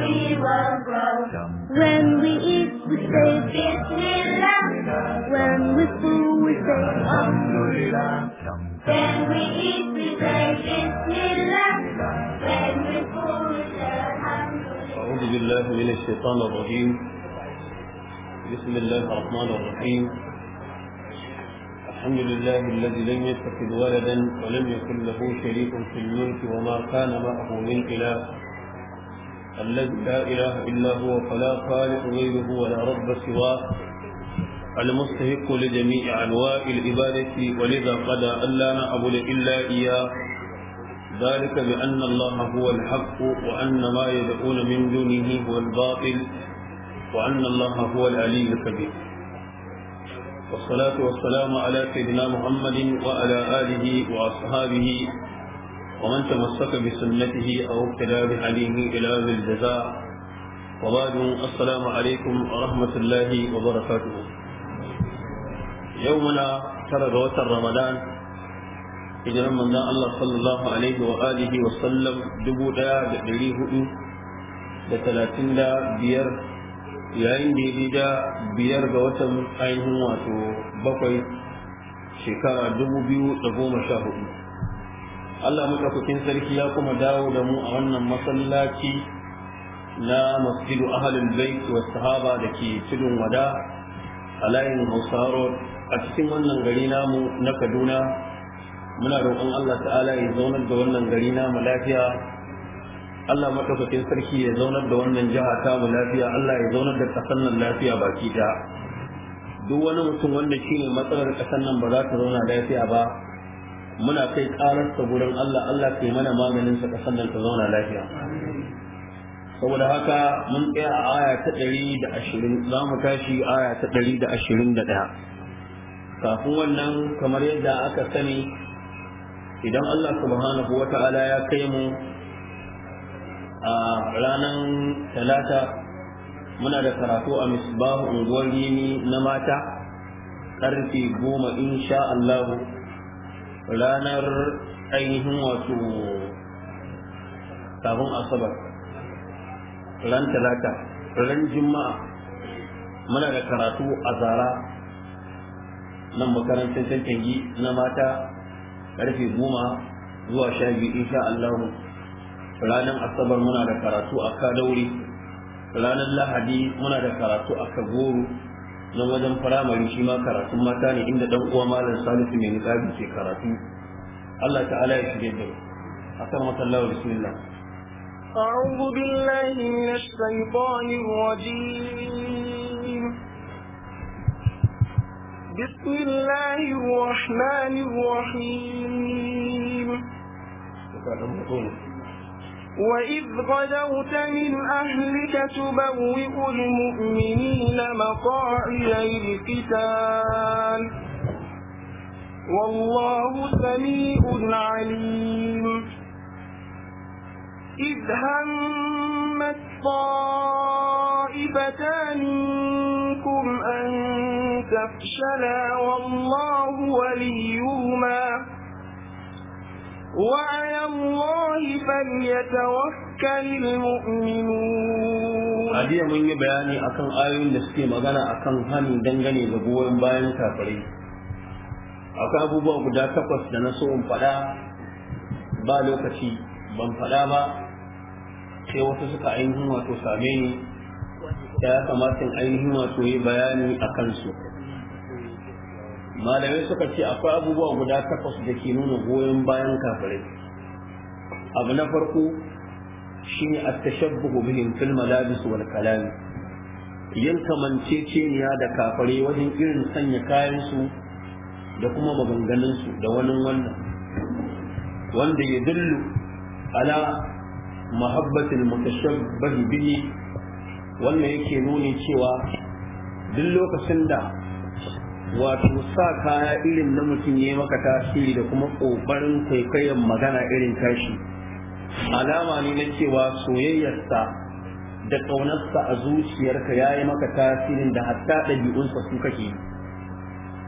we will grow. When we eat, we say Bismillah. When we fool, we say Alhamdulillah. When we eat, we say Bismillah. When we fool, we say Alhamdulillah. أعوذ بالله من الشيطان الرجيم. بسم الله الرحمن الرحيم. الحمد لله الذي لم يتخذ ولدا ولم يكن له شريك في الملك وما كان معه من اله الذي لا إله إلا هو فلا خالق غيره ولا رب سواه المستحق لجميع أنواع العبادة ولذا قضى أن لا نعبد إلا إياه ذلك بأن الله هو الحق وأن ما يدعون من دونه هو الباطل وأن الله هو العلي الكبير والصلاة والسلام على سيدنا محمد وعلى آله وأصحابه ومن تمسك بسنته أو ابتدى بحليه إلى ذي الجزاء وبعد السلام عليكم ورحمة الله وبركاته يومنا ترى غوث رمضان hijiran manzon Allah sallallahu alaihi wa alihi wa sallam dubu ɗaya da ɗari hudu da talatin da biyar yayin da ya da biyar ga watan ainihin wato bakwai shekara dubu biyu da goma sha hudu Allah madaukakin sarki ya kuma dawo da mu a wannan masallaci na masjidu ahalin bait wa sahaba da ke tudun wada a layin Hausa a cikin wannan gari namu na Kaduna muna roƙon Allah ta'ala ya zaunar da wannan gari namu lafiya Allah madaukakin sarki ya zaunar da wannan jiha ta mu lafiya Allah ya zaunar da ƙasar nan lafiya baki ta. duk wani mutum wanda shi ne matsalar ƙasar nan ba za ta zauna lafiya ba muna kai ƙararsa gurin Allah Allah kai mana maganin sa kasan nan ta zauna lafiya saboda haka mun tsaya a aya ta ɗari da ashirin za mu tashi aya ta ɗari da ashirin da ɗaya kafin wannan kamar yadda aka sani idan Allah subhanahu wa ta'ala ya kai mu a ranar talata muna da karatu a misbahu unguwar na mata ƙarfe goma insha Allahu ranar ainihin wato sabon asabar ran talata ran juma'a muna da karatu a zara nan makarantar tantangi na mata karfe goma zuwa sha biyu insha Allah ranar asabar muna da karatu a kadauri ranar lahadi muna da karatu a kagoro nan wajen firamare shi ma karatu mata ne inda dan uwa malam salisu mai niqabi ke karatu Allah ta'ala ya shige da akan masallahu bismillah أعوذ بالله من الشيطان الرجيم بسم الله الرحمن الرحيم وإذ غدوت من أهلك تبوئ المؤمنين مقاعد القتال والله سميع عليم إذ همت طائفتان منكم أن تفشلا والله وليهما وعلى الله فليتوكل المؤمنون أبي من يبياني أكن آيون نسكي مغانا أكن هاني دنغني لبوين bayan kakari, akwai abubuwa guda takwas da na so in faɗa ba lokaci ban faɗa ba sai wasu suka ainihin wato same ni da ya kamata in ainihin wato yi bayani a kansu malamai suka ce akwai abubuwa guda takwas da ke nuna goyon bayan kafirai abu na farko shi shine a tashabbuhu bihim fil malabis wal kalam yin kamanceceniya da kafare wajen irin sanya kayansu da kuma maganganunsu da wani wannan wanda ya dillu ala mahabbatil mutashabbahi bihi wannan yake nuni cewa duk lokacin da wato sa kaya irin na mutum ya maka tasiri da kuma ƙoƙarin kwaikwayon magana irin tashi alama ne na cewa soyayyarsa da ƙaunarsa a zuciyarka ya yi maka tasirin da hatta ɗabi'unsa su kake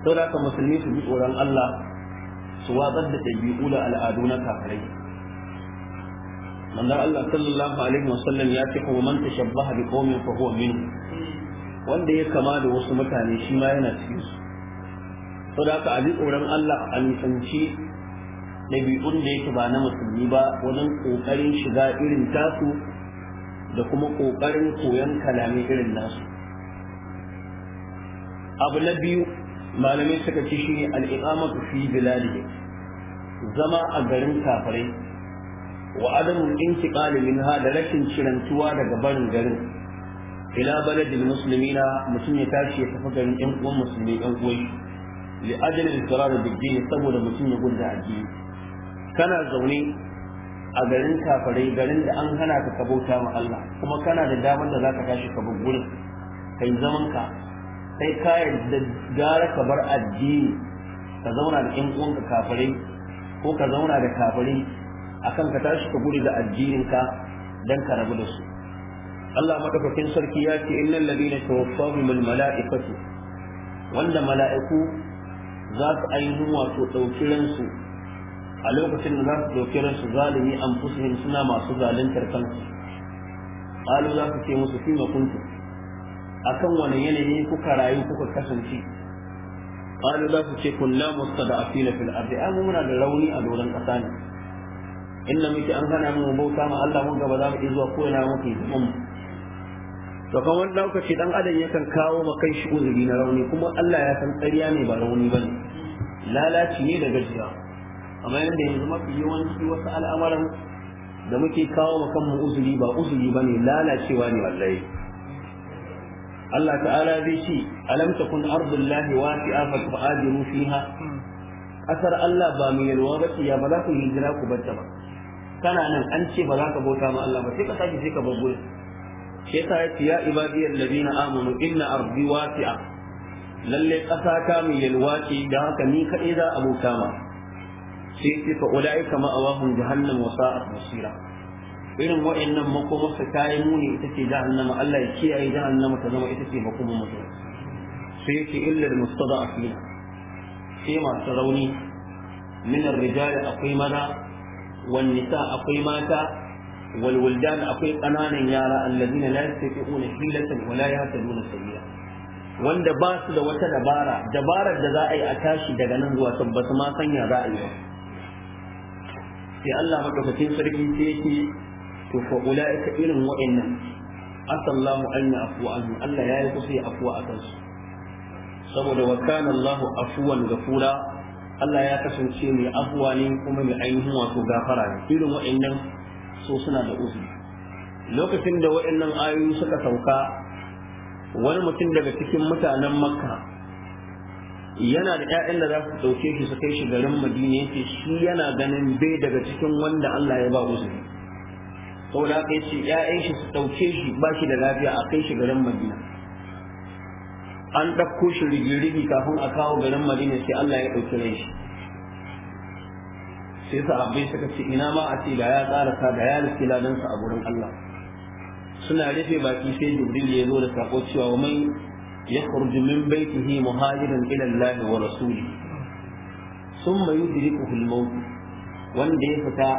sau da musulmi su bi tsoron Allah su watsar da ɗabi'u da al'adu na kafirai manzon Allah sallallahu alaihi wasallam ya ce kuma man tashabbaha bi qaumin fa huwa minhu wanda ya kama da wasu mutane shi ma yana cikin su to da haka a tsoron Allah a nisanci ɗabi'un da yake ba na musulmi ba wajen ƙoƙarin shiga irin tasu da kuma ƙoƙarin koyon kalami irin nasu abu na biyu malamai suka ci shi ne al'iƙamatu fi biladihi zama a garin kafirai wa adamun intiqali minha da rashin cirantuwa daga barin garin ila baladil musulmina mutum ya tashi ya tafi garin 'yan uwan musulmi ɗan uwan shi li ajal israr biddi saboda mutum ya gunda addini kana zaune a garin kafare, garin da an hana ka ka ma Allah kuma kana da damar da zaka tashi ka bar gurin kai zaman ka sai ka yarda gara ka bar addini ka zauna da ƴan uwanka kafare, ko ka zauna da kafare akan ka tashi ka gudu da addinin ka dan ka rabu da su Allah madaukakin sarki ya ce innal ladina tawaffahumul mala'ikatu wanda mala'iku za su ainihin wato ɗauki ransu a lokacin da za su ɗauki ransu zalimi an fusuhin suna masu zaluntar kansu ƙalu za su ce musu fima kuntu kan wani yanayi kuka rayu kuka kasance ƙalu za su ce kunna mustada'afina fil ardi an muna da rauni a doron ƙasa ne inda muke an hana mu bauta ma Allah mun gaba za mu iya zuwa ko ina muke mu to kan wani lokaci dan adam yakan kawo ma kai shi uzuri na rauni kuma Allah ya san tsariya ne ba rauni bane lalaci ne da gajiya amma yanda yanzu mafi yawanci wasu al'amuran da muke kawo ma kanmu uzuri ba uzuri bane lalacewa ne wallahi Allah ta'ala zai ce alam takun ardullahi wasi'a fa tu'adiru fiha kasar Allah ba mai yalwa ba ya ba za ku hijira ku bar ta ba kana nan an ce ba za ka bauta ma Allah ba sai ka sake sai ka bar gurin yasa ya ce ya ibadiyar ladina amanu inna ardi wasi'a lalle ƙasa ta mai yalwa ce da haka ni kaɗai za a bauta ma sai ce fa ulaika ma'awahum jahannam wa sa'at masira irin wa'annan makomarsa ta yi muni ita ce jahannama Allah ya kiyaye jahannama ta zama ita ce makomar mutum sai yake illa da mustada a fina sai ma rauni min rijali akwai maza wan nisa akwai mata Walwaldan akwai kananan yara allazina la yastati'una hilatan wa la yahtaduna sabila wanda ba su da wata dabara dabarar da za a yi a tashi daga nan zuwa can ba ma sanya za a yi ba sai Allah madaukakin sarki sai yake to fa ulaika irin wa'annan asallahu an ya'fu anhu Allah ya yi kusa ya afuwa akan su saboda wa kana Allahu afuwan ghafura Allah ya kasance mai afuwa ne kuma mai ainihin wato gafara irin wa'annan so suna da uzuri lokacin da waɗannan ayoyi suka sauka wani mutum daga cikin mutanen makka yana da 'ya'yan da za su ɗauke shi su kai shi garin madina yake shi yana ganin bai daga cikin wanda Allah ya ba uzuri saboda haka yace 'ya'yan shi su ɗauke shi ba shi da lafiya a kai shi garin madina an ɗauko shi rigirigi kafin a kawo garin madina sai Allah ya ɗauki rai shi sai sahabbai suka ce ina ma a ce da ya karasa da ya rufe ladansa a gurin Allah suna rufe baki sai jibril ya zo da sako cewa wa ya yakhruju min baitihi muhajiran ila Allah wa rasuli Sun yudrikuhu al-maut wanda ya fita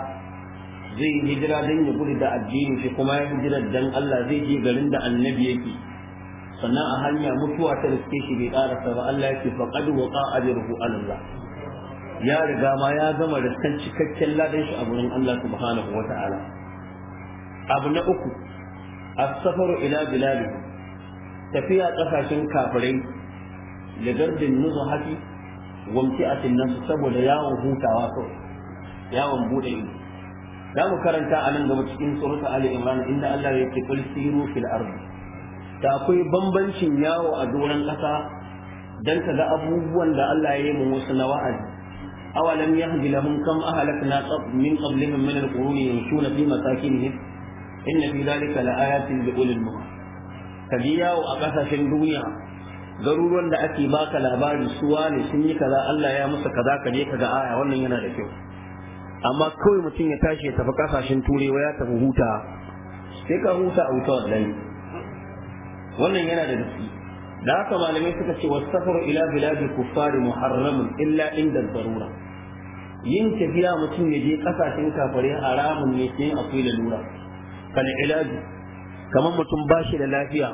zai hijira dan ya gudu da addini shi kuma ya hijira dan Allah zai je garin da annabi yake sannan a hanya mutuwa ta riske shi bai karasa ba Allah yake faqad waqa ajruhu ala Allah ya riga ma ya gama riskan cikakken ladan shi a gurin Allah subhanahu wata'ala abu na uku as-safaru ila bilali tafiya kasashen kafirai da gardin nuzuhati a nasu saboda yawon hutawa kawai yawon bude ido za mu karanta a nan gaba cikin surata ali imran inda Allah ya ce kul siru fil ardi ta akwai bambancin yawo a doron kasa dan ka ga abubuwan da Allah ya yi mu wasu na wa'azi أولم يهد لهم كم أهلكنا من قبلهم من القرون يمشون في مساكنهم إن في ذلك لآيات لأولي المنهى كبيا وأقاسا الدنيا garuruwan da ake baka labari suwa ne sun yi kaza Allah ya musu kaza ka je ka ga aya wannan yana da kyau amma kawai mutum ya tashi ya tafi kasashen turewa ya tafi huta sai ka huta a wuta wannan yana da haka malamai suka ce wasafaru ila biladi kuffari muharramun illa inda zarura yin tafiya mutum ya je kasashen kafare haramun ne sai akwai lalura kan ilaji kamar mutum ba shi da lafiya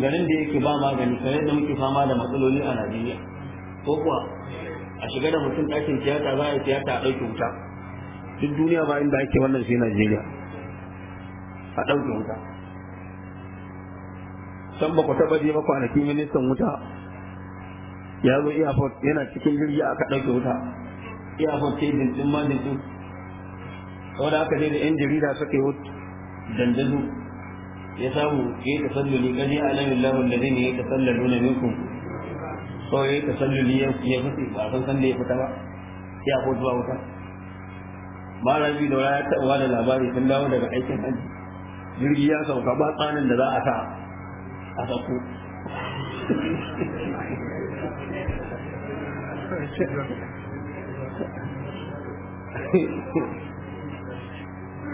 garin da yake ba magani kamar da muke fama da matsaloli a Najeriya ko kuwa a shiga da mutum ɗakin tiyata za a yi tiyata a ɗauke wuta duk duniya ba inda ake wannan sai Najeriya a ɗauke wuta san ba ku taɓa je ba ministan wuta ya zo airport yana cikin jirgi aka ɗauke wuta airport ce dindin ma dindin wanda aka je da yan jarida suka yi dandazo ya samu ya yi tasalluli a alamin lahun da zai ne ya tasallalu na minkum so ya yi tasalluli ya fi ba san san da ya fita ba ya ko zuwa wuta bi da ya taɓa da labari sun dawo daga aikin hajji jirgi ya sauka ba tsanin da za a sa a sauko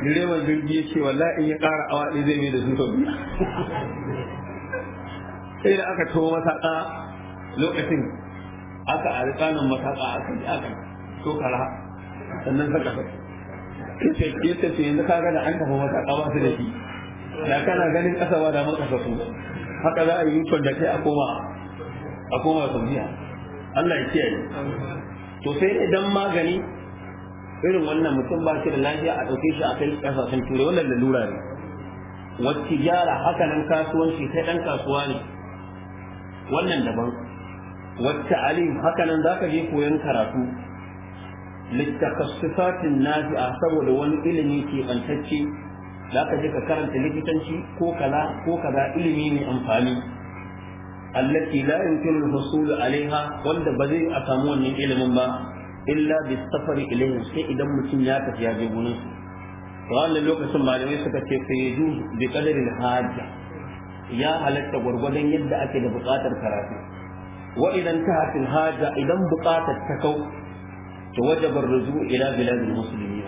direban jirgi ya ce wallahi in ya ƙara awa ɗaya zai mai da su sau biyu sai da aka to masaƙa lokacin aka a rikanin masaƙa aka ji aka to kara sannan saka sai kace kace sai yanzu kaga da an tafi masaƙa ba su da shi da kana ganin ƙasa ba da makasa su haka za a yi mutuwar da kai a koma a koma saudiya Allah ya kiyaye to sai idan magani irin wannan mutum ba shi da lafiya a ɗauke shi a kai ƙasashen turai wannan lalura ne wacce gyara hakanan kasuwanci sai ɗan kasuwa ne wannan daban wacce alim hakanan za ka je koyon karatu littakassufatin nafi'a saboda wani ilimi ke bantacce za ka je ka karanta likitanci ko kaza ko kaza ilimi mai amfani allati la yumkinu al-husul alaiha wanda bazai a samu wannan ilimin ba illa bi safari ilayhi sai idan mutum ya tafi ya je gurin su lokacin malamai suka ce fa yaju bi qadari hajja ya halatta gwargwadon yadda ake da buƙatar karatu wa idan ta hafil haja idan buƙatar ta kau to wajabar ruju ila biladil muslimin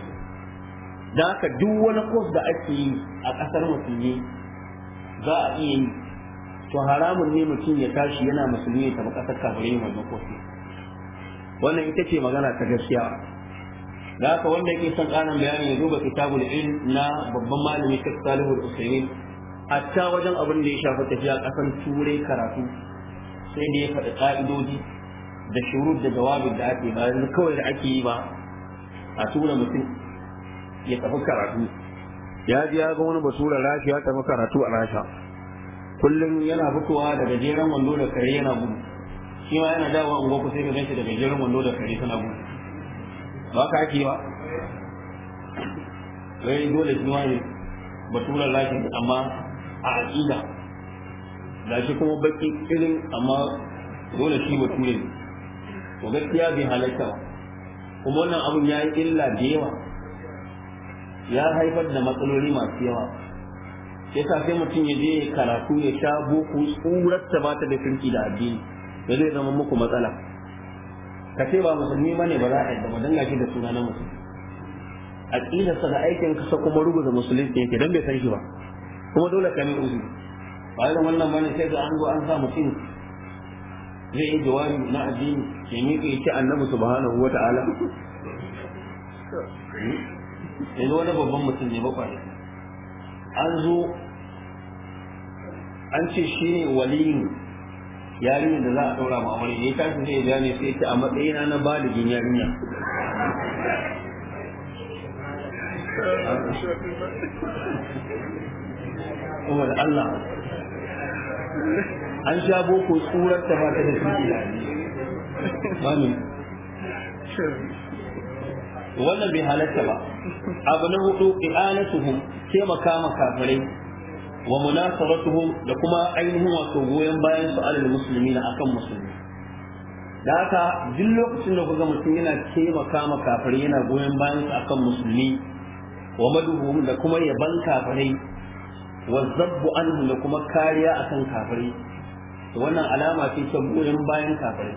da haka duk wani kos da ake yi a ƙasar musulmi za a iya yi to haramun ne mutum ya tashi yana musulmi ya tafi ƙasar kafirai wannan kofi wannan ita ce magana ta gaskiya da haka wanda yake son ƙarin bayani ya duba kitabul ilm na babban malami ta Salihu usaini A ta wajen abin da ya shafi tafiya ƙasan turai karatu sai da ya faɗi ƙa'idoji da shuru da jawabin da ake ba yanzu kawai da ake yi ba a tura mutum ya tafi karatu ya ji ya ga wani basura rashi ya tafi karatu a rasha kullum yana fitowa daga jeren wando da kare yana gudu shi ma yana dawo an ku sai ka ganshi daga jeren wando da kare suna gudu ba ka ake ba sai dole shi ma ne baturan lakin amma a aƙida da shi kuma baki irin amma dole shi bature ne to gaskiya bai halatta ba kuma wannan abun ya yi illa da yawa ya haifar da matsaloli masu yawa yasa sai mutum ya je karatu ya sha boko tsurar ta ba ta da firki da addini da zai zama muku matsala ka ce ba musulmi ne ba za a yadda ba danga shi da suna na musulmi sa da aikin kasa kuma rubuta musulunci yake don bai san shi ba kuma dole ka ne uzuri ba irin wannan bane sai ga an an sa mutum zai yi jawabi na addini ya miƙe ce annabi subhanahu ta'ala? yanzu wani babban mutum ne bakwai an zo an ce shi ne waliyin yarinyar da za a ɗaura ma aure ya tashi zai gane ne sai ce a matsayina na baligin yarinya Umar Allah an sha boko tsurar ta ba ta da shi wannan bai halatta ba abu na hudu i'anatuhum taimaka ma kafirai wa munasaratuhum da kuma ainihin wato goyon bayan su alal na akan musulmi da haka duk lokacin da kuga mutum yana taimaka makama kafirai yana goyon bayan su akan musulmi wa maduhu da kuma yaban kafirai wa zabbu anhu da kuma kariya akan kafirai to wannan alama ce ta goyon bayan kafirai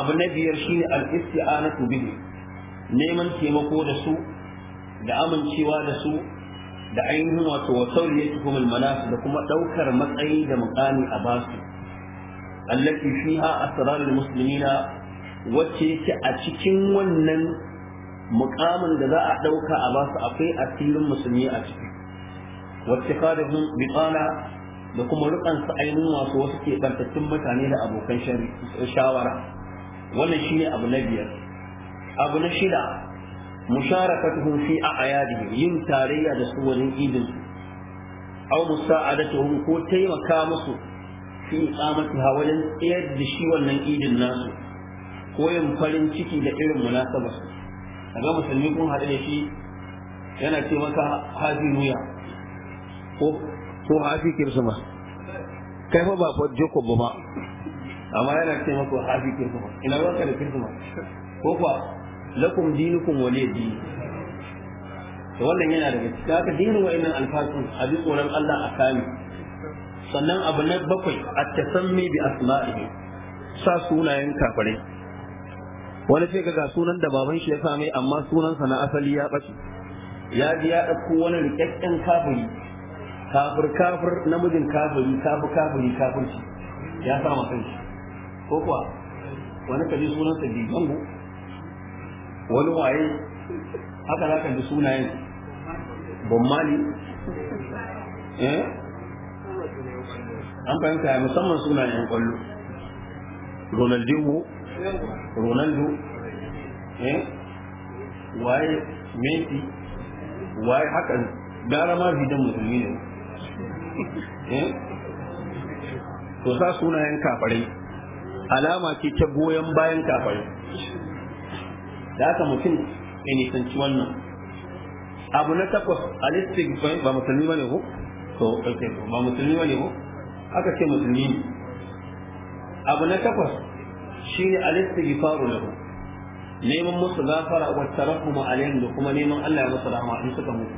abu na biyar shine al-isti'anatu bihi neman taimako da su da amincewa da su da ainihin wato wasau ya kuma manasu da kuma ɗaukar matsayi da mukami a basu allaki fiha asrarul musulmina wacce yake a cikin wannan mukamin da za a ɗauka a basu akwai asirin musulmi a ciki wacce kadahum biqala da kuma rukansa ainihin wasu wasu ke ɓantattun mutane da abokan shawara wannan ne abu na biyar abu na shida musharakatuhum fi a'yadihim yin tarayya da su wajen idin su aw musa'adatuhum ko taimaka musu fi iqamatiha hawalin tsayar da shi wannan idin nasu ko yin farin ciki da irin munasabar su kaga musulmi kun haɗu da shi yana ce maka hafi nuya ko ko hafi kirsuma kai fa ba fa joko ba amma yana ce maka hafi kirsuma ina ka da kirsuma ko kuwa lakum dinukum waliy din to wannan yana daga cikin haka dinin wa'annan alfasun a bi tsoron Allah a kami sannan abu na bakwai at tasammi bi asma'ihi sa sunayen kafare wani sai ga sunan da baban shi ya same amma sunansa na asali ya bace ya ji ya ɗauko wani rikakken kafiri kafir kafir namijin kafiri kafu kafiri kafirci ya sa masan shi ko kuwa wani kaji sunansa bango wani waye haka za ka ji sunayen bommani eh an fahimta ya musamman sunayen yan kwallo ronaldinho ronaldo eh waye meti? waye haka gara ma bidan musulmi ne eh? to sa sunayen kafarai alama ce ta goyon bayan kafarai da haka mutum ya nisanci wannan abu na takwas listin ba musulmi bane ko to ɗauke ba musulmi ne ko aka ce musulmi ne abu na takwas shi ne alistighfaru lahu neman musu gafara wa tarahum alaihim da kuma neman Allah ya musu rahama in suka mutu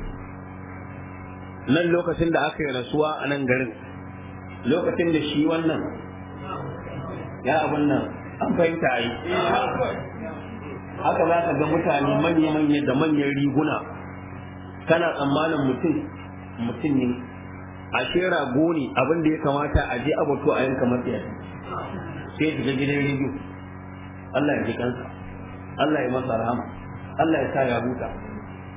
nan lokacin da aka yi rasuwa a nan garin lokacin da shi wannan ya abun nan an fahimta a yi haka za ka ga mutane manya-manya da manyan riguna kana tsammanin mutum mutum ne a shera goni abin da ya kamata a je a a yanka matsayar sai ga gidan rigu Allah ya ji kansa Allah ya masa rahama Allah ya sa ya huta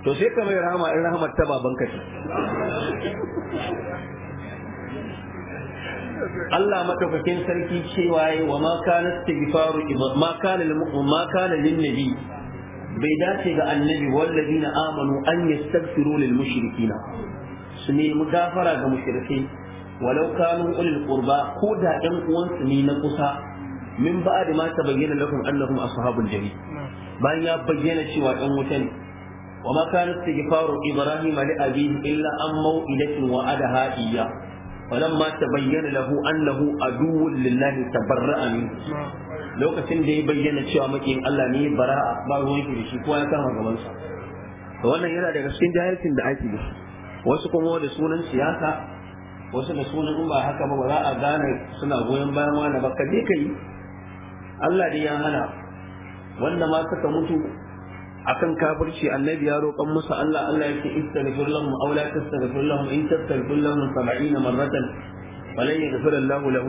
to sai ka mai rahama in rahamar ta babanka ce Allah madaukakin sarki cewa yi wa ma kana ma kana lin nabi bai dace ga annabi na amanu an yastaghfiru lil mushrikina su ne mudafara ga mushrikai walau kanu ulil qurba ko da ɗan uwansu ne na kusa min da ma bayyana lakum annahum ashabul jahim bayan ya bayyana cewa ɗan wuta ne وما كان استغفار ابراهيم لابيه الا عن موئده wa'adaha اياه falamma tabayyana lahu annahu aduwwun ta barra'a ne. lokacin da ya bayyana cewa makiyin Allah ne bara'a ba ruwan shi shi kowa ya kama gaban sa wannan yana daga cikin jahilcin da ake da wasu kuma da sunan siyasa wasu da sunan in ba haka ba ba za a gane suna goyon bayan wani ba ka je kai Allah da ya hana wanda ma suka mutu akan kafirci annabi ya roƙon musu Allah Allah yake istaghfir lahum aw la tastaghfir lahum in tastaghfir lahum 70 marratan falan yaghfir Allah lahu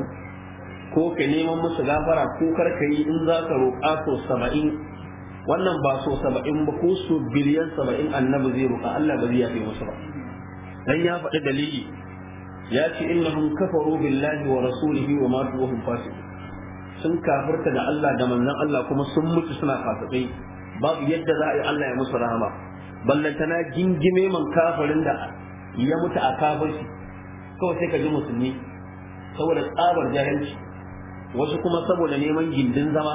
ko ka neman musu gafara ko kar ka yi in za ka roƙa so 70 wannan ba so 70 ba ko so biliyan 70 annabi zai roƙa Allah ba zai musu ba dan ya faɗi dalili ya ce innahum kafaru billahi wa rasulihi wa matu wa hum fasiqun sun kafirta da Allah da manzon Allah kuma sun mutu suna fasikai babu yadda za a yi Allah ya musu rahama ballantana gingime man kafirin da ya mutu a shi, kawai sai ka ji musulmi saboda tsabar jahilci wasu kuma saboda neman gindin zama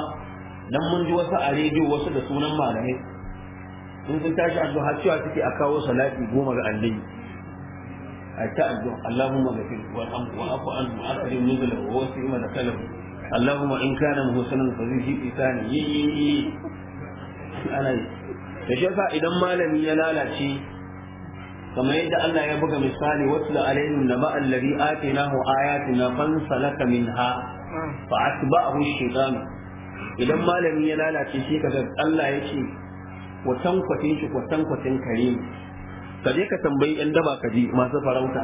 dan mun ji wasu a rediyo wasu da sunan malamai sun sun tashi addu'a cewa suke a kawo salati goma ga annabi a ta addu'a Allahumma ghafir warham wa afu an wa akrim wa wasi ma da Allahumma in kana muhsanan fa zidhi isani ana yi da shi idan malami ya lalace kamar yadda Allah ya buga misali wasu da alaihim da ba'al ladhi atinahu ayatina fansalaka minha fa atba'ahu shaytan idan malami ya lalace shi kaga Allah yake kwatan kwatin shi kwatan kwatin kare ka je ka tambayi yan daba ka ji masu farauta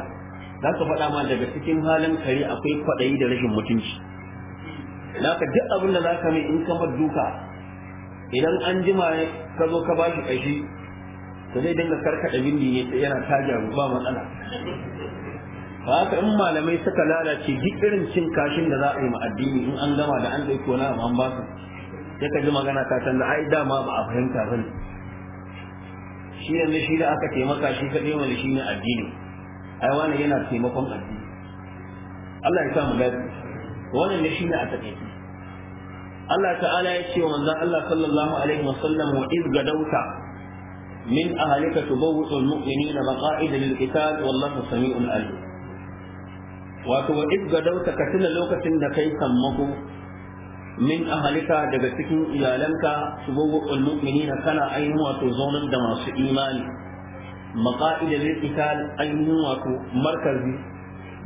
za ka faɗa ma daga cikin halin kare akwai kwaɗayi da rashin mutunci naka duk abin da za ka mai in kamar duka idan an jima ka zo ka bashi kashi to zai dinga karkada bindi ne yana taja ba matsala haka in malamai suka lalace duk irin cin kashin da za a yi ma addini in an gama da an ɗauki wani abu an ba su sai ka ji magana ta canza ai dama ba a fahimta ba ne shi yanzu shi da aka taimaka shi kaɗai wani shi ne addini ai wani yana taimakon addini Allah ya sa mu lafiya wannan ne shi ne a taƙaice Allah ta'ala ya ce manzon Allah sallallahu alaihi Sallam wa iz gadauta min ahlika tubawwi'u al-mu'minina maqa'ida lil-qital wallahu samii'un alim wato wa iz gadauta ka tuna lokacin da kai sammako min ahalika daga cikin iyalanka su bawa ulmu'minina kana ainihin wato zaunar da masu imani maƙa'ida zai ita ainihin wato markazi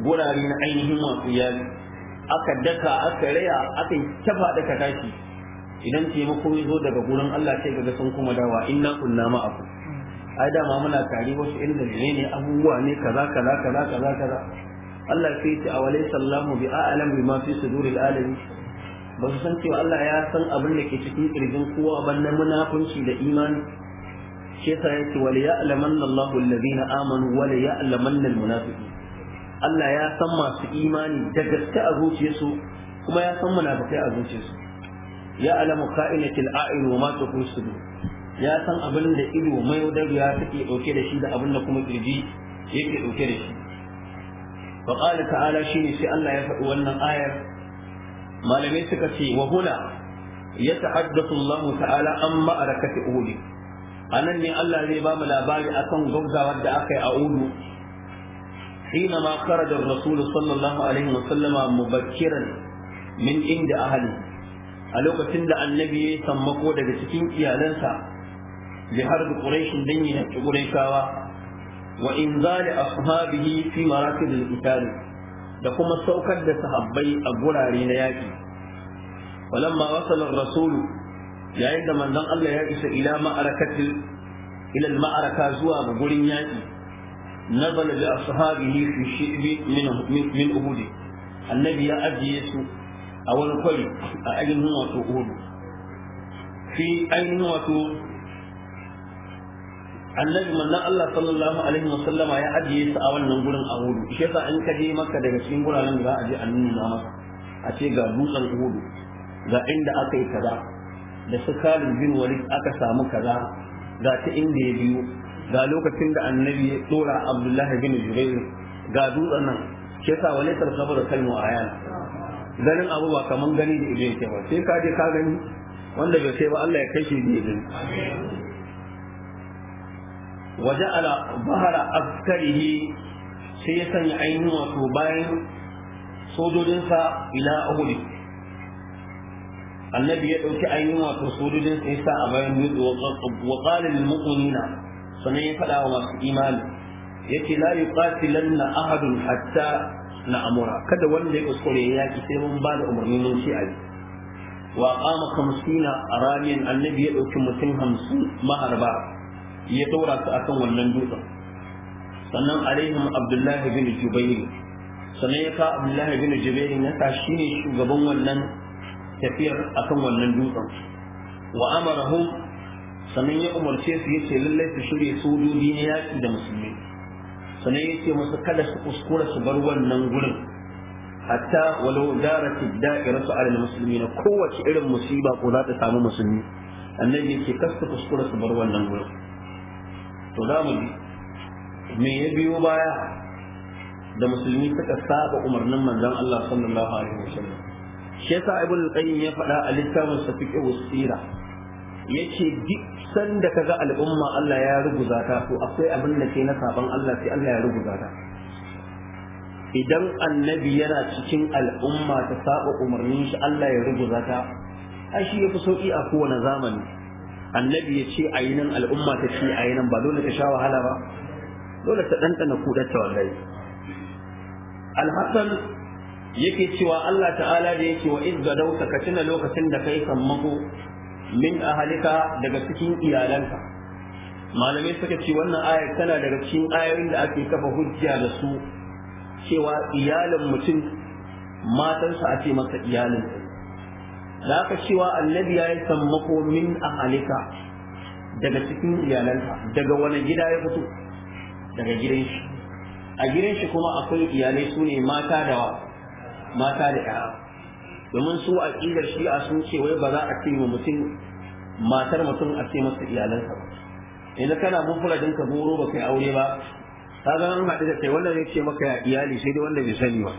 gurare na ainihin wato iyali. aka daka aka raya aka tafa daka ka tashi idan taimako ya zo daga gurin Allah sai ga sun kuma dawa inna kunna ma'aku ai ma muna tare wasu inda ne ne abubuwa ne kaza kaza kaza kaza kaza Allah sai ya ce a awalai sallahu bi a'lam bima fi suduril alamin ba su san cewa Allah ya san abin da ke cikin kirjin kowa ban na munafunci da imani shi yasa yake wal ya'lamanna Allahu alladhina amanu wal ya'lamanna al munafiqin Allah ya san masu imani da gaske a zuciyarsu kuma ya san munafikai a zuciyarsu ya alamu ka'inatil a'in wa ma tukun ya san abin da ido mai ya take dauke da shi da abin da kuma kirji yake dauke da shi fa qala ta'ala shine sai Allah ya faɗi wannan ayar malamai suka ce wa huna yatahaddathu Allah ta'ala an ma'arakati uhud anan ne Allah zai ba mu labari akan gwabzawar da aka yi a uhud حينما خرج الرسول صلى الله عليه وسلم مبكرا من عند أهله ألوك تند النبي سمكو دقى سكين إيالنسا لحرب قريش دنيا قريشاوا وإنزال أصحابه في مراكز القتال da kuma saukar da sahabbai a gurare na yaƙi walamma wasalar rasulu yayin da manzon Allah ya isa ila ma'arakatil maaraka zuwa gurin yaƙi نزل بأصحابه في الشئب من من أهود النبي أجي يسوع أو الكل أجل هو أهود في أين هو annabi manzon Allah sallallahu alaihi wasallam ya ajiye su a wannan gurin a hudu shi yasa an kaje maka daga cikin guraren da za a je a nuna maka a ce ga dutsen hudu ga inda aka yi kaza da su bin Walid aka samu kaza ga ta inda ya biyo ga lokacin da annabi ya tsora abdullahi bin jubair ga dutsen nan ke sa wani tarsabar kalmu a yana ganin abu ba kaman gani da ido yake ba sai ka je ka gani wanda bai kai ba Allah ya kai shi da ido وجعل ظهر عسكره sai ya sanya ainihin wato bayan sojojinsa ila uhud annabi ya ɗauki ainihin wato sojojinsa ya sa a bayan dutse wa qalil mu'minina sannan ya faɗa wa masu imani yace la yuqatilanna ahadun hatta Amura, kada wanda ya kuskure ya ki, sai mun ba da umarni mun ci ayi wa qama khamsina annabi ya ɗauki mutum hamsin maharba ya daura su akan wannan dutsen sannan alaihim abdullahi bin jubair sannan ya ka abdullahi bin jubair ya ta shine shugaban wannan tafiyar akan wannan dutsen wa sannan ya umarce su ya ce lallai su shirya sojoji na yaƙi da musulmi sannan ya ce masu kada su kuskura su bar wannan gurin hatta walau zarati da'iratu alal na kowace irin musiba ko za ta samu musulmi annabi yake kasta kuskura su bar wannan gurin to za mu bi me ya biyo baya da musulmi suka saba umarnin manzon Allah sallallahu alaihi wasallam shi yasa ibn al-qayyim ya faɗa a littafin sa fiqh usira Yake duk sanda ga al'umma Allah ya ruguza ta to akwai abin da ke na saban Allah sai Allah ya ruguza ta idan annabi yana cikin al'umma ta saba umarnin shi Allah ya ruguza ta ai shi yafi sauki a kowane zamani annabi ya ce a nan al'umma ta ce a nan ba dole ta sha wahala ba dole ta ɗanɗana ta wallahi alhassan yake cewa Allah ta'ala da yake wa izga ka tuna lokacin da kai sammako min ahalika daga cikin iyalanka malamai suka ce wannan ayar tana daga cikin ayoyin da ake kafa hujja da su cewa iyalin mutum matansa a ce masa iyalin da aka cewa annabi ya yi sammako min ahalika daga cikin iyalanka daga wani gida ya fito daga gidan shi a gidan shi kuma akwai iyalai su ne mata da mata da 'ya'ya domin su a ƙilar shi'a sun ce wai ba za a ce wa mutum matar mutum a ce masa iyalansa ba idan kana mufradin ka goro ba kai aure ba Ta ga an haɗu da kai wanda zai ce maka iyali sai dai wanda bai sani ba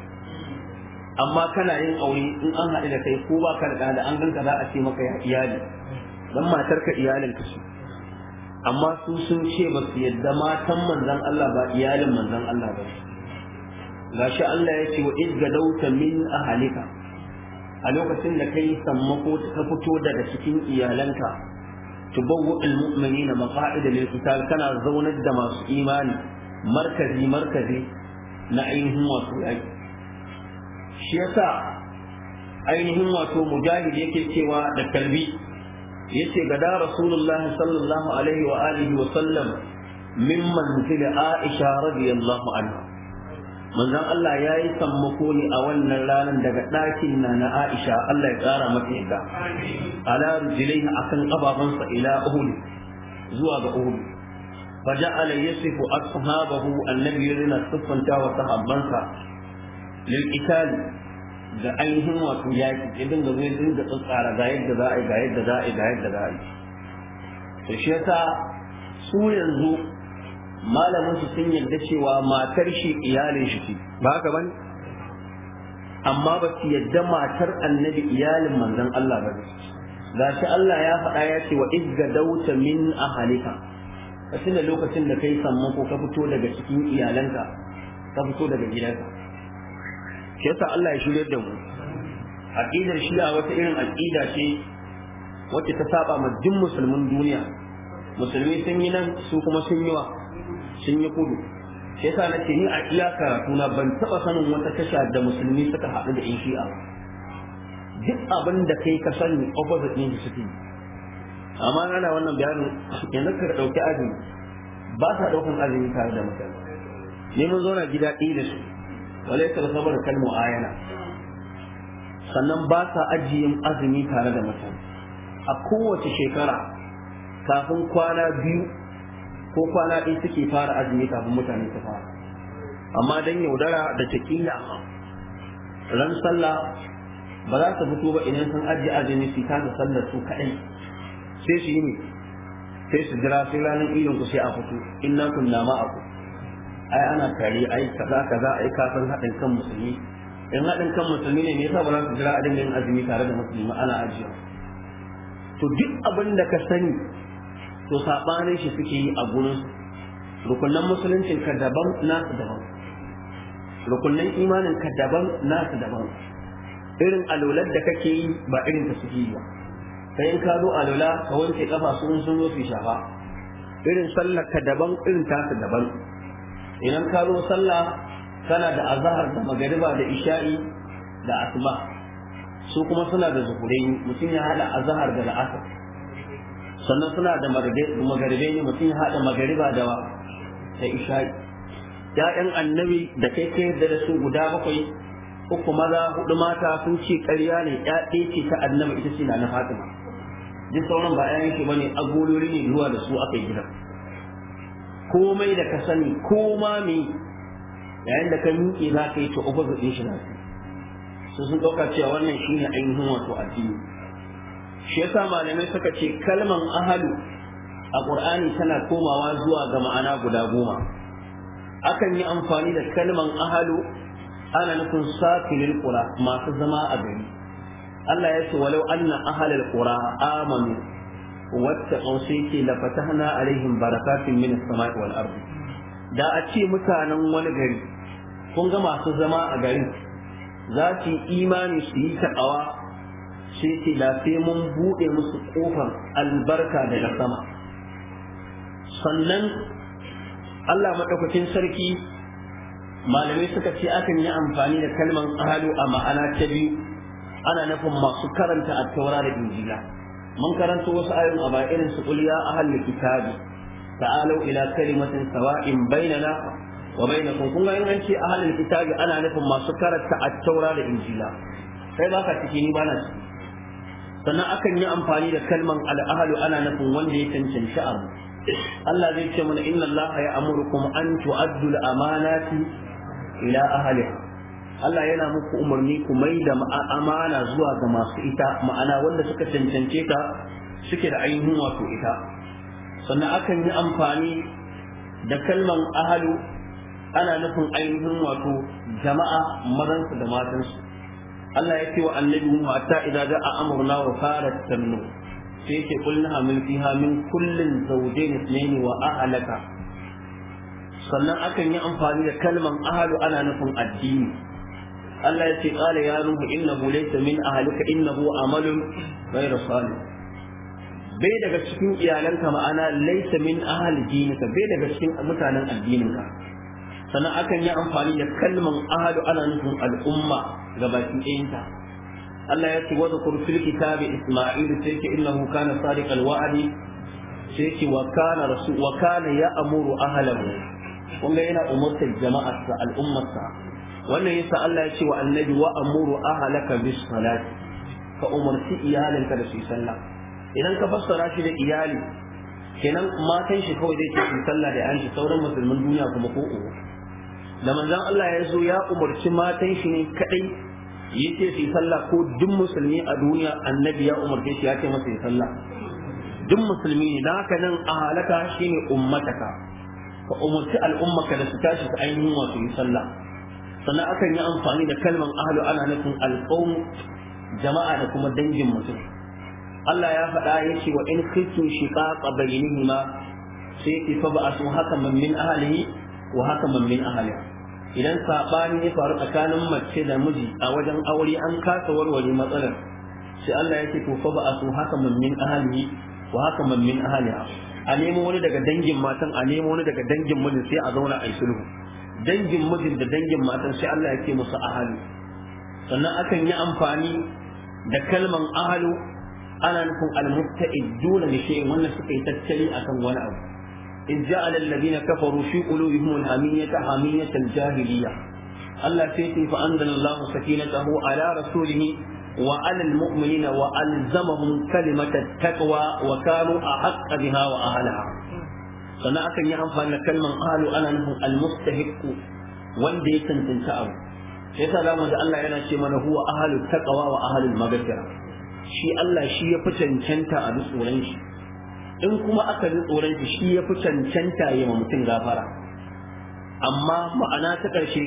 amma kana yin aure in an haɗu da kai ko ba ka da da an ganka za a ce maka iyali dan matar ka iyalin ka ce amma su sun ce ba su yadda matan manzon Allah ba iyalin manzon Allah ba gashi Allah ya ce wa idga dauta min ahalika a lokacin da kai sammako ka fito daga cikin iyalanka tubawwu almu'minina maqa'ida lil qital kana zaunar da masu imani markazi markazi na ainihin wato yaki shi yasa ainihin wato mujahid yake cewa da kalbi yace gada rasulullah sallallahu alaihi wa alihi wa sallam Mimman manzil aisha radiyallahu anha manzon Allah ya yi sammako ne a wannan ranar daga ɗakin na na Aisha Allah ya ƙara mata yadda ala rijlaiha akan kababansa ila Uhud zuwa ga Uhud فجعل يصف أصحابه النبي لنا صفا تاوى صحابانسا للقتال da ainihin wato yaki idan da zai dinga tsara ga yadda za a yi ga yadda za a yi ga yadda za a yi to shi yasa su yanzu malamin su sun yarda cewa matar shi iyalin shi ba haka bane amma ba su yarda matar annabi iyalin manzon Allah ba gashi Allah ya faɗa ya ce wa izgadauta min ahalika ka tuna lokacin da kai samman ko ka fito daga cikin iyalanka ka fito daga gidanka shi yasa Allah ya shirye da mu aqidar shi'a wata irin aqida ce wacce ta saba ma musulmin duniya musulmi sun yi nan su kuma sun yi wa sun yi kudu sai yasa nake ni a iya karatu na ban taba sanin wata tasha da musulmi suka haɗu da in shi'a duk abin da kai ka sani opposite ne suke amma ana wannan bayanin yanzu ka ɗauki azumi ba sa ɗaukan azumi tare da mutane ne mun zauna gida ɗaya da su walai ka sabar kalmu ayana sannan ba sa ajiyin azumi tare da mutane a kowace shekara kafin kwana biyu ko kwana ɗin suke fara azumi kafin mutane su fara amma dan yaudara da takiya ran sallah ba za su fito ba idan sun ajiye azumi su ta sallar su kaɗai sai su yi ne sai su jira sai ranar ilin ku sai a fito inna na ma'aku ai ana tare ai kaza kaza ai kafin haɗin kan musulmi in haɗin kan musulmi ne me yasa ba za su jira a dinga yin azumi tare da musulmi ana ajiya to duk abin da ka sani to sabanin shi suke yi a gurin rukunan musuluncin ka daban nasu daban rukunan imanin ka daban nasu daban irin alolar da kake yi ba irin ta suke yi ba sai in ka zo alola ka wanke kafa in sun zo su shafa irin sallar ka daban irin tasu daban idan ka zo sallah kana da azahar da magariba da isha'i da asuba su kuma suna da zuhurai mutum ya hada azahar da la'asar sannan suna da magaribe ne mutum ya haɗa magariba da ta da isha'i ya'yan annabi da kai kai da su guda bakwai uku maza hudu mata sun ce ƙarya ne ya ce ta annabi ita ce na fatima duk sauran ba ya shi bane agolori ne zuwa da su aka yi gina komai da ka sani koma me yayin da ka miƙe za ka yi ta ubangijin shi na su sun ɗauka cewa wannan shine ainihin wato addini shi yasa malamai suka ce kalman ahalu a qur'ani tana komawa zuwa ga ma'ana guda goma akan yi amfani da kalman ahalu ana nufin safilil qura masu zama a gari Allah ya ce walau anna ahalil qura amanu wattaqaw sai ke la fatahna alaihim barakatin minas samai wal ardi da a ce mutanen wani gari kun ga masu zama a garin za su yi imani su yi ta'awa shi ce da sai mun buɗe musu ƙofar albarka daga sama sannan Allah maɗaukakin sarki malamai suka ce akan yi amfani da kalman ahalu a ma'ana ta biyu ana nufin masu karanta a taura da injila mun karanta wasu ayoyin a bayan irin su kulliya ahalul kitabi ta'alu ila kalimatin sawa'in bainana wa bainakum kun ga in an ce ahalul kitabi ana nufin masu karanta a taura da injila sai ba ka ciki ni ba na ciki sannan akan yi amfani da kalman al'ahalu ana nufin wanda ya cancanci abu Allah zai ce mana inna Allah ya amurkum an tu'addu al-amanati ila ahliha Allah yana muku umarni ku mai da amana zuwa ga masu ita ma'ana wanda suka cancance ta suke da ainihin wato ita sannan akan yi amfani da kalman ahalu ana nufin ainihin wato jama'a mazansu da matansu Allah ya ce wa annabi mu hatta idza jaa amruna wa farat tannu sai yake kullu amil fiha min kullin zawjayn ithnayn wa ahlaka sannan akan yi amfani da kalman ahlu ana nufin addini Allah ya ce qala ya ruhu innahu laysa min ahlika innahu amalun ghayru salih bai daga cikin iyalanka ma'ana laysa min ahli dinika bai daga cikin mutanen addininka sannan akan yi amfani da kalman ahadu ana nufin al'umma ga bakin ɗayanta Allah ya ce wadda kurfil kitabi Isma'il sai ke innahu kana sadiqal wa'adi sai ce wa kana rasu wa kana ya amuru ahlahu Kuma yana umurtar jama'arsa al'ummarsa wannan yasa Allah ya ce wa annabi wa amuru ahlaka bis salati ka umarci iyalinka da su sallah idan ka fassara shi da iyali kenan matan shi kawai zai ce su sallah da an sauran musulmin duniya kuma ko uku da manzon Allah ya zo ya umarci matan shi ne kadai ce su yi sallah ko duk musulmi a duniya annabi ya umarce shi ya ce masa yi sallah duk musulmi ne dan haka nan a halaka ne ummataka ka umarci al'ummaka da su tashi su ainihin wasu yi sallah sannan akan yi amfani da kalmar ahlu ana nufin alqawm jama'a da kuma dangin mutum Allah ya faɗa ya ce wa in khiftum shiqaqa bainihima sai ki fa ba'asu hakaman min ahlihi wa hakaman min ahliha idan sabani ya faru tsakanin mace da miji a wajen aure an kasa warware matsalar sai Allah ya ce to fa ba'asu haka min ahli wa haka min ahliha a nemo wani daga dangin matan a nemo wani daga dangin mijin sai a zauna a yi sulhu dangin mijin da dangin matan sai Allah ya ce musu ahli sannan akan yi amfani da kalman ahalu, ana nufin almutta'iduna li shay'in wannan suka yi tattali akan wani abu إذ جعل الذين كفروا في قلوبهم الحمية حمية الجاهلية الله سيتي فأنزل الله سكينته على رسوله وعلى المؤمنين وألزمهم كلمة التقوى وكانوا أحق بها وأهلها sannan akan yi amfani da kalman alu ana nufin almustahiqu wanda ya tantance abu sai sa zamu da Allah yana ce mana huwa ahlu taqwa wa ahlu maghfira shi Allah shi ya fi cancanta a duk tsoron shi in kuma aka ji tsoron shi shi ya fi cancanta ya ma mutum gafara amma ma'ana ta ƙarshe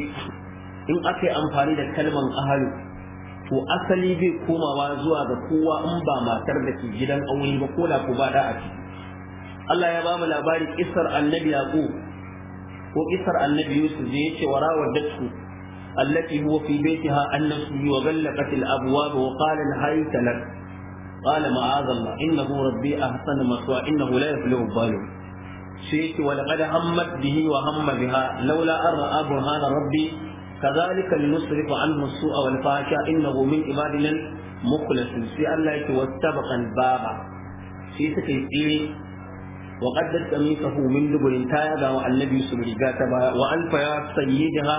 in aka yi amfani da kalman ahalu to asali bai komawa zuwa ga kowa in ba matar da ke gidan aure ba ko da ku ba da Allah ya ba mu labari kisar annabi yaqub ko kisar annabi yusuf zai yace warawadatu allati huwa fi baitiha an nafsi wa ghallaqat al abwab wa qala al hayta قال معاذ الله إنه ربي أحسن مثوى إنه لا يفلح الظالمون شيء ولقد همت به وهم بها لولا أن رأى برهان ربي كذلك لنصرف عنه السوء والفاحشة إنه من عبادنا مخلص في الله يتوسبق الباب شيء سكي وقدت قميصه من دبر تايدا والنبي سبريغاتا وألف يا سيدها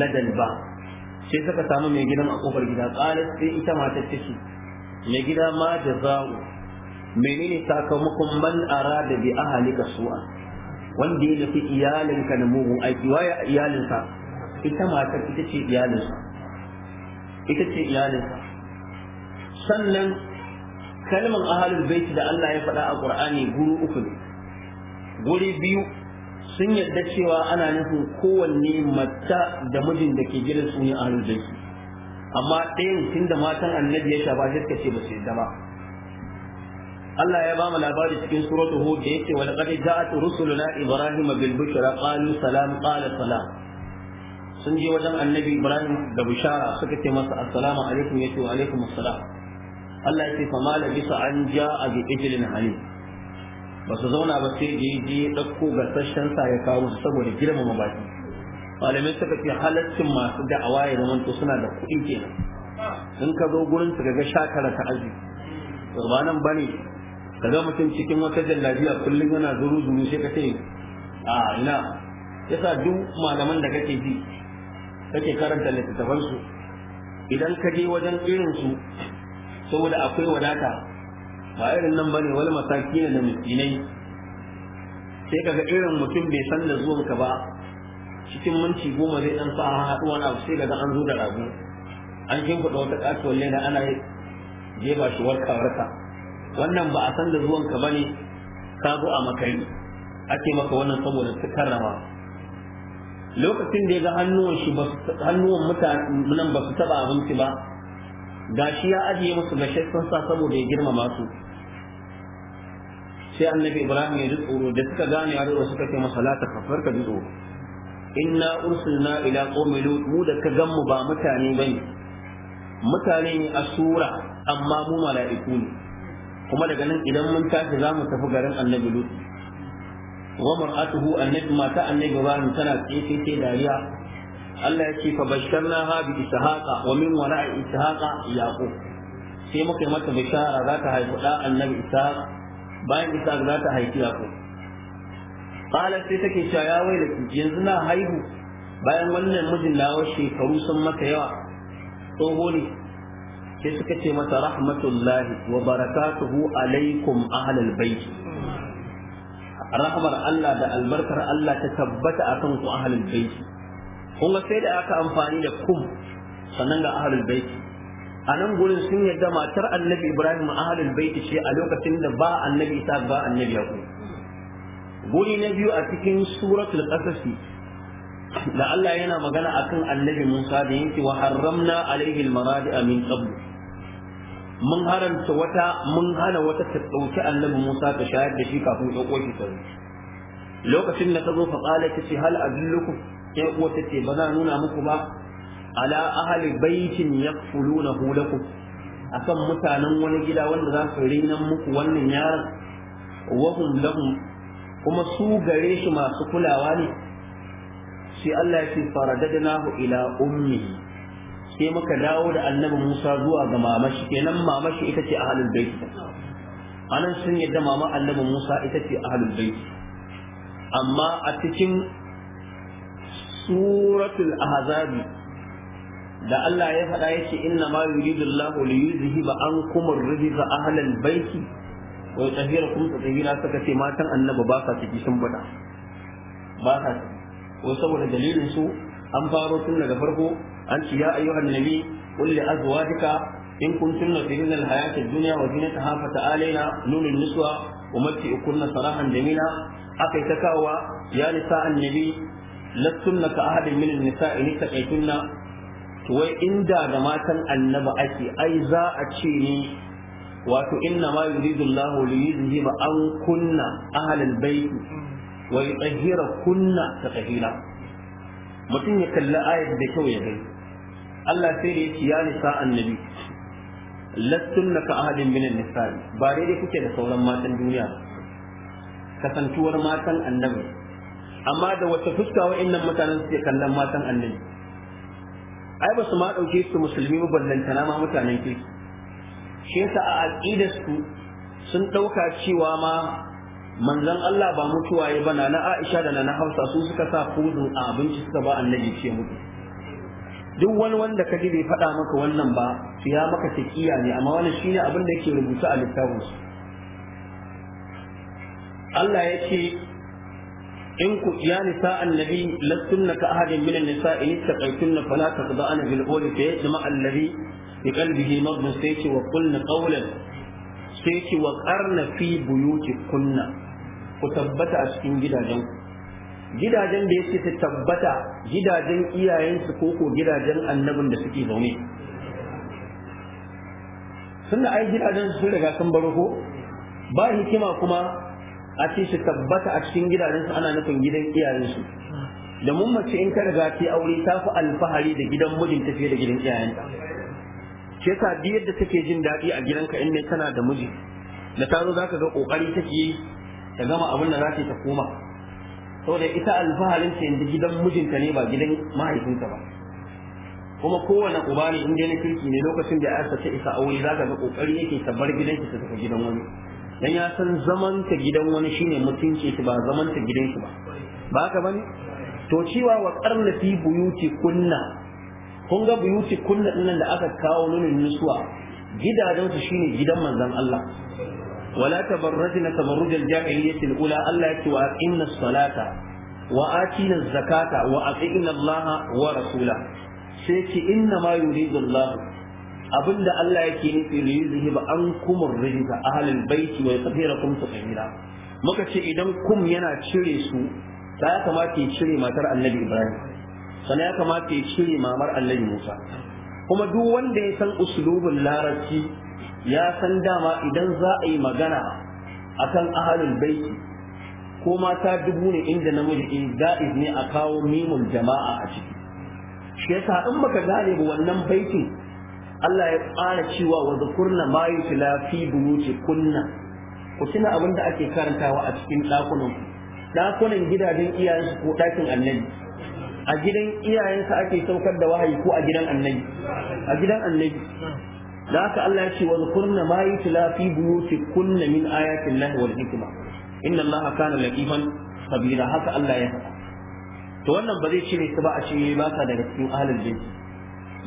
لدى الباب شيء سكي سامو من جنم أقوبر جدا قالت إيه إتا ما تتشي mai gida ma da za'u menene sakamakon man arada bi ga su'a wanda ya nufi iyalinka na mugun aiki waye iyalinka, ita matar ita ce iyalinsa ita ce iyalinsa sannan kalmar ahalul baiti da Allah ya faɗa a Qur'ani guru uku ne guri biyu sun yarda cewa ana nufin kowanne mata da mijin da ke gidan su ne ahalul baiti amma ɗayan tun da matan annabi ya shafa shi ce ba su yadda ba Allah ya bamu labari cikin suratul hud da yake wal qad ja'at rusuluna ibrahima bil bushra qalu salam qala salam sun je wajen annabi ibrahim da bushara suka ce masa assalamu alaikum yace wa alaikum assalam Allah ya ce fa mala bisa an ja'a bi ijlin hali. ba su zauna ba sai da ya je ya ɗauko gasasshen sa ya kawo saboda girmama baki malamai suka ce halaccin masu da'awa ya zama to suna da kuɗi kenan in ka zo gurin su ga shakara ta aji ba nan bane ka ga mutum cikin wata jallabiya kullum yana zuru zuru sai ka ce a ina yasa duk malaman da kake ji kake karanta littattafan su idan ka je wajen irin su saboda akwai wadata ba irin nan bane wani masaki ne da miskinai sai ka ga irin mutum bai san da zuwanka ba cikin minti goma zai dan sa a haɗu wani abu sai daga an zo da rago an shimfiɗa wata ne da ana jefa shi warka warka wannan ba a san da zuwanka ba ne ka zo a makari ake maka wannan saboda su karrama lokacin da ya ga hannuwan shi hannuwan mutanen ba su taɓa abinci ba gashi ya ajiye musu gashe sun sa saboda ya girmama su sai annabi ibrahim ya ji tsoro da suka gane a suka ce masa la ta kafar ka ji tsoro inna ursulna ila qaumi lut mu da ka gan mu ba mutane bane mutane ne a amma mu mala'iku ne kuma daga nan idan mun tashi zamu tafi garin annabi lut wa mar'atuhu annabi mata annabi ba mun tana ce ce dariya Allah ya ce fa bashkarna ha bi ishaqa wa min wara'i ishaqa yaqub sai muka yi mata bishara za ta haifi da annabi ishaq bayan ishaq za ta haifi yaqub qalat sai take cewa ya yanzu na haihu bayan wannan mijin nawa shekaru sun maka yawa tsoho ne sai suka ce masa rahmatullahi wa barakatuhu alaikum ahlal bait rahmar Allah da albarkar Allah ta tabbata akan ku ahlul bait kuma sai da aka amfani da kum sannan ga ahlul bait a nan gurin sun yadda matar annabi ibrahim ahlul bait ce a lokacin da ba annabi isa ba annabi yaqub guri na biyu a cikin suratul qasasi da Allah yana magana akan annabi Musa da yake wa harramna alaihi almaradi'a min qabl mun haramta wata mun hana wata ta dauki annabi Musa ta shayar da shi kafin dauko shi sai lokacin da ta zo fa qala ta ce hal adullukum ya uwa ta ce ba za nuna muku ba ala ahli baitin yakfulunahu lakum akan mutanen wani gida wanda za su rinan muku wannan yaron wahum lahum kuma su gare shi masu kulawa ne sai Allah ya ce faradadnahu ila ummihi sai muka dawo da annabi Musa zuwa ga mamashi kenan mamashi ita ce ahlul bait anan sun yadda mama annabi Musa ita ce ahlul bait amma a cikin suratul ahzabi da Allah ya faɗa yace inna ma yuridullahu liyuzhiba ankum ar-rijza ahlal baiti wai tsahira kun tsahira suka ce matan annabi ba sa ciki sun bada ba sa ko saboda dalilin su an faro tun daga farko an ce ya ayyuhan nabi qul li azwajika in kuntunna fi hadhihi al duniya ad-dunya wa zinataha fa ta'alayna nunun niswa wa matti'ukunna sarahan jamila akai ta kawa ya nisa annabi lastunna ka ahadin min nisa in taqaytunna to wai inda da matan annabi ake ai za a ce ni wato inna ma yuridu Allah li yuzhiba an kunna ahlal bait wa yutahhira kunna tatahira mutum ya kalli ayat da kyau ya gani Allah sai ya ce ya nisa annabi lastunna ka ahadin minan nisa ba dai-dai kuke da sauran matan duniya kasantuwar matan annabi amma da wata fuska innan mutanen suke kallon matan annabi ai ba su ma ɗauke su musulmi ba ballantana ma mutanen kirki shi yasa a aqidarsu sun ɗauka cewa ma manzon Allah ba mutuwa ya bana na Aisha da na Hausa su suka sa kudu a abinci suka ba annabi ce mutu duk wani wanda ka ji bai faɗa maka wannan ba to ya maka taqiya ne amma wannan shine abin da yake rubuta a littafin su Allah ya ce in ku ya nisa annabi lastunna ka ahadin min an-nisa in taqaytunna fala taqda'na bil qawli fa yajma alladhi bi qalbihi marzun sai ki wa qulna qawlan sai ki wa qarna fi buyuti kunna ku tabbata a cikin gidajen gidajen da yake ta tabbata gidajen iyayensu ko ko gidajen annabin da suke zaune sunna ai gidajen su daga kan baro ko ba hikima kuma a ce su tabbata a cikin gidajen su ana nufin gidan iyayensu da mun mace in ka riga ta aure ta fi alfahari da gidan ta fiye da gidan iyayenta shi yasa duk yadda take jin daɗi a gidanka in ne tana da miji da ta zo za ka ga ƙoƙari take yi ta gama abin da za ta yi ta koma saboda ita alfaharin ta yanzu gidan mijinta ne ba gidan mahaifinta ba kuma kowane uba ne in dai na kirki ne lokacin da yarsa ta isa aure za ka ga kokari yake ta bar gidan ta tafi gidan wani dan ya san zaman ta gidan wani shine mutunci ba zaman ta gidan shi ba ba haka bane to cewa wa qarna buyuti kunna kun ga buyuti kunna dinnan da aka kawo nunin nusuwa gidajen su shine gidan manzon Allah wala tabarrajna tabarrujal jahiliyyatil ula Allah yake wa inna salata wa atina zakata wa atina Allah wa rasula sai ce inna ma yuridu Allah abinda Allah yake nufi ne yuzhi ba an kumur rijza ahalin baiti wa yutahhirakum tutahhira muka ce idan kum yana cire su ta kamata ya cire matar Annabi Ibrahim sannan ya kamata ya cire mamar Allah Musa kuma duk wanda ya san uslubin larabci ya san dama idan za a yi magana akan ahalin baiti ko mata dubu ne inda namiji in ga'iz ne a kawo mimun jama'a a ciki shi yasa in baka gane ba wannan baitin Allah ya tsara cewa wa zakurna ma yutla fi buyuti kunna ku tuna abin da ake karantawa a cikin dakunan dakunan gidajen iyayensu ko dakin annabi a gidan iyayensa ake saukar da wahayi ko a gidan annabi a gidan annabi da haka Allah ya ce wa zkurna ma yutla fi kunna min ayati Allah wal hikma inna Allah kana latifan sabira haka Allah ya faɗa to wannan ba zai cire su ba a ce ba ka daga cikin ahlul bayt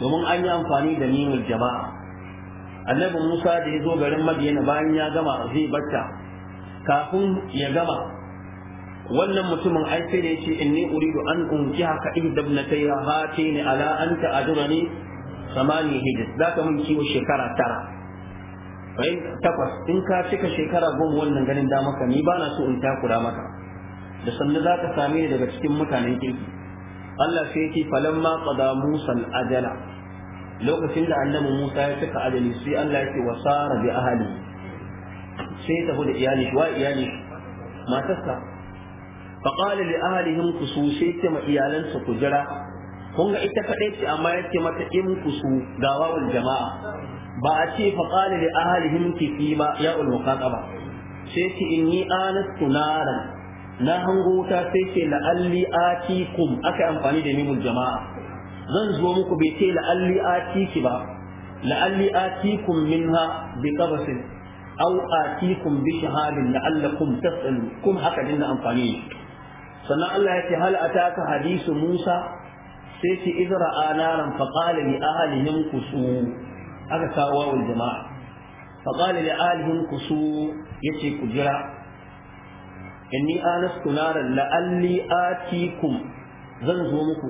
domin an yi amfani da mimul jama'a annabi Musa da ya zo garin Madina bayan ya gama zai bacca kafin ya gama wannan mutumin ai sai da yace inni uridu an unkiha ka ihdabnatayya hatini ala anta ajrani samani hijis ka mun kiwo shekara tara bai takwas in ka cika shekara goma wannan ganin da maka ni ba na so in takura maka da za ka same ni daga cikin mutanen kirki Allah sai yake falamma qada Musa ajala lokacin da annabi Musa ya cika ajali sai Allah yake wasara bi ahli sai tafi da iyali wa iyali matarsa faƙali li ahalihim kusu sai ce ma iyalansa ku jira kun ga ita kaɗai ce amma ya ce mata in kusu ga wawul jama'a ba a ce faƙali li ahalihim kifi ba ya ulmuqaqaba sai ce yi anastu naran na hango wuta sai ce la'alli atikum aka amfani da mimul jama'a zan zo muku bai ce la'alli atiki ba la'alli atikum minha bi qabasin aw atikum bi shahabin la'allakum tas'alun kun haka dinna amfani sannan Allah ya ce hal ataka hadisu Musa sai ce izra anaran fa qala li ahlihim kusu aka kawo wal jama'a fa qala li ahlihim kusu yace ku jira inni anastu naran la'alli atikum zan zo muku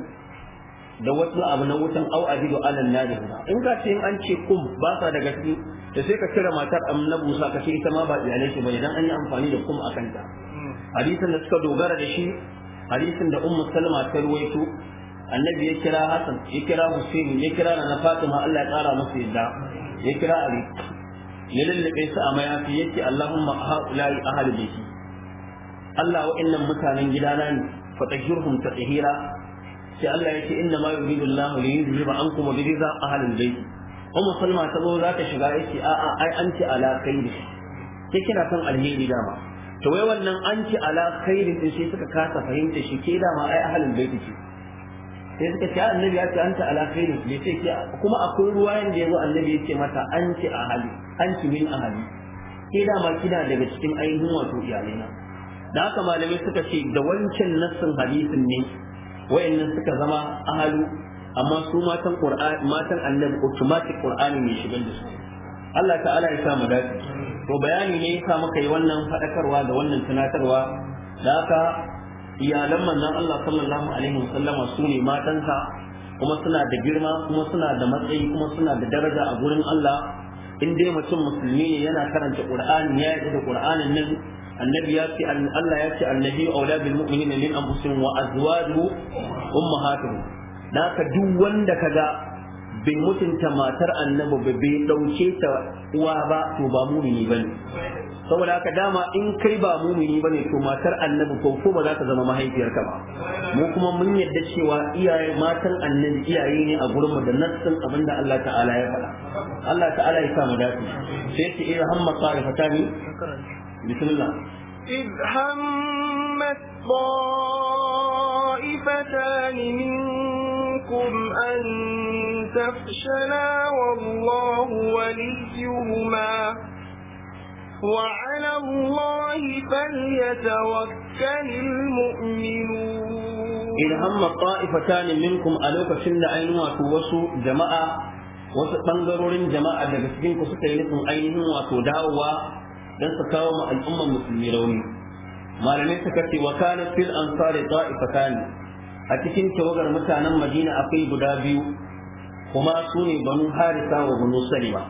da wasu abu na wutan au ajidu alal nadihuna in ka ce in an ce kum ba sa gaske da sai ka kira matar annabi Musa ka ce ita ma ba iyalai shi bane dan an yi amfani da kum a kanta. hadisin da suka dogara da shi hadisin da ummu salama ta ruwaito annabi ya kira hasan ya kira husaini ya kira na fatima Allah ya kara musu yadda ya kira ali ya lallabe su a mayafi yace allahumma haula'i ahli baiti Allah wa'annan mutanen gidana ne fatahhirhum tatheera sai Allah yace inna ma yuridu Allah li yuzhiba ankum rijza ahli albayt ummu salma ta zo za ta shiga yace a'a ai an ci da shi, ne kina san alheri dama to wai wannan an ci ala khairin din sai suka kasa fahimta shi ke dama ai ahlul bait ce sai suka ce annabi ya ce ta ala khairin bai ce ke kuma akwai ruwayan da yazo annabi ya ce mata an ci ahali an ci min ahali ke dama kina daga cikin ainihin wato iyalai na da haka malamai suka ce da wancan nassin hadisin ne wayannan suka zama ahalu amma su matan qur'ani matan annabi automatic qur'ani ne shigar da su Allah ta'ala ya sa mu dace to bayani ne yasa muka yi wannan fadakarwa da wannan tunatarwa da haka iyalan manzon Allah sallallahu alaihi wasallama su ne matansa kuma suna da girma kuma suna da matsayi kuma suna da daraja a gurin Allah in dai mutum musulmi ne yana karanta Qur'ani ya yi da Qur'anin nan annabi ya ce Allah ya ce annabi aula mu'minina min anfusihim wa azwajuhu ummahatuhum da ka duk wanda kaga bai mutunta matar annabi ba bai ɗauke ta uwa ba to ba mumini ne. saboda haka dama in kai ba mumini ne, to matar annabi ko ko ba za ta zama mahaifiyar ka ba mu kuma mun yadda cewa iyaye matan annabi iyaye ne a gurin mu da nassin abin da Allah ta'ala ya faɗa Allah ta'ala ya sa mu dace sai ce in hamma sarifatani bismillah إذ همت طائفتان من نبشنا والله وليهما وعلى الله فليتوكل المؤمنون إن هم طائفتان منكم ألوك سن أينوا توسوا جماعة wasu ɓangarorin jama'a daga cikin ku suka yi nufin ainihin wato dawowa don su kawo ma al'ummar musulmi rauni malamai suka ce wa kana fil ansari ta'ifatan a cikin tawagar mutanen madina akwai guda biyu kuma su ne banu harisa wa banu salima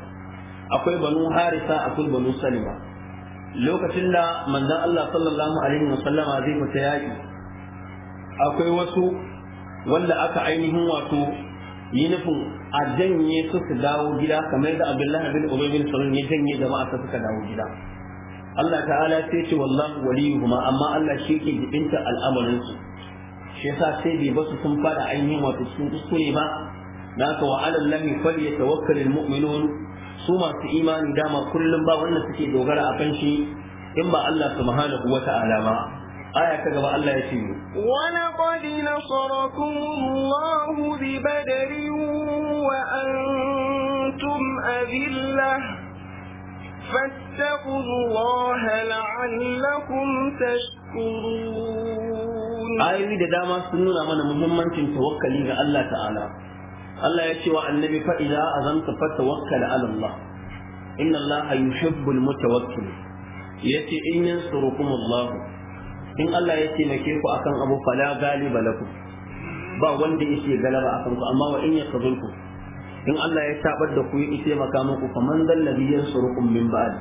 akwai banu harisa akwai banu salima lokacin da manzon Allah sallallahu alaihi Sallama zai fita yaƙi. akwai wasu wanda aka ainihin wato yi nufin a janye su su dawo gida kamar da Abdullahi bin Ubay bin Salul ya janye jama'a ta suka dawo gida Allah ta'ala sai ce wallahu waliyuhuma amma Allah shi ke jibinta al'amarin su shi yasa sai bai basu sun fada ainihin wato sun kuskure ba naka wa alal lam falyatawakkalul mu'minun su masu imani dama kullum ba wanda suke dogara a kan shi in ba Allah subhanahu wata'ala ba aya ta gaba Allah ya ce wa laqad nasarakum bi badrin wa antum adillah فاتقوا الله لعلكم تشكرون da dama sun nuna mana muhimmancin tawakkali ga Allah ta'ala Allah ya ce wa annabi fa idza azamta fatawakkal ala Allah inna Allah yuhibbul mutawakkil yace in yansurukum Allah in Allah ya taimake ku akan abu fala galiba lakum ba wanda yake galaba akan ku amma wa in ku. in Allah ya tabar da ku ya maka muku fa man zal ladhi yansurukum min ba'd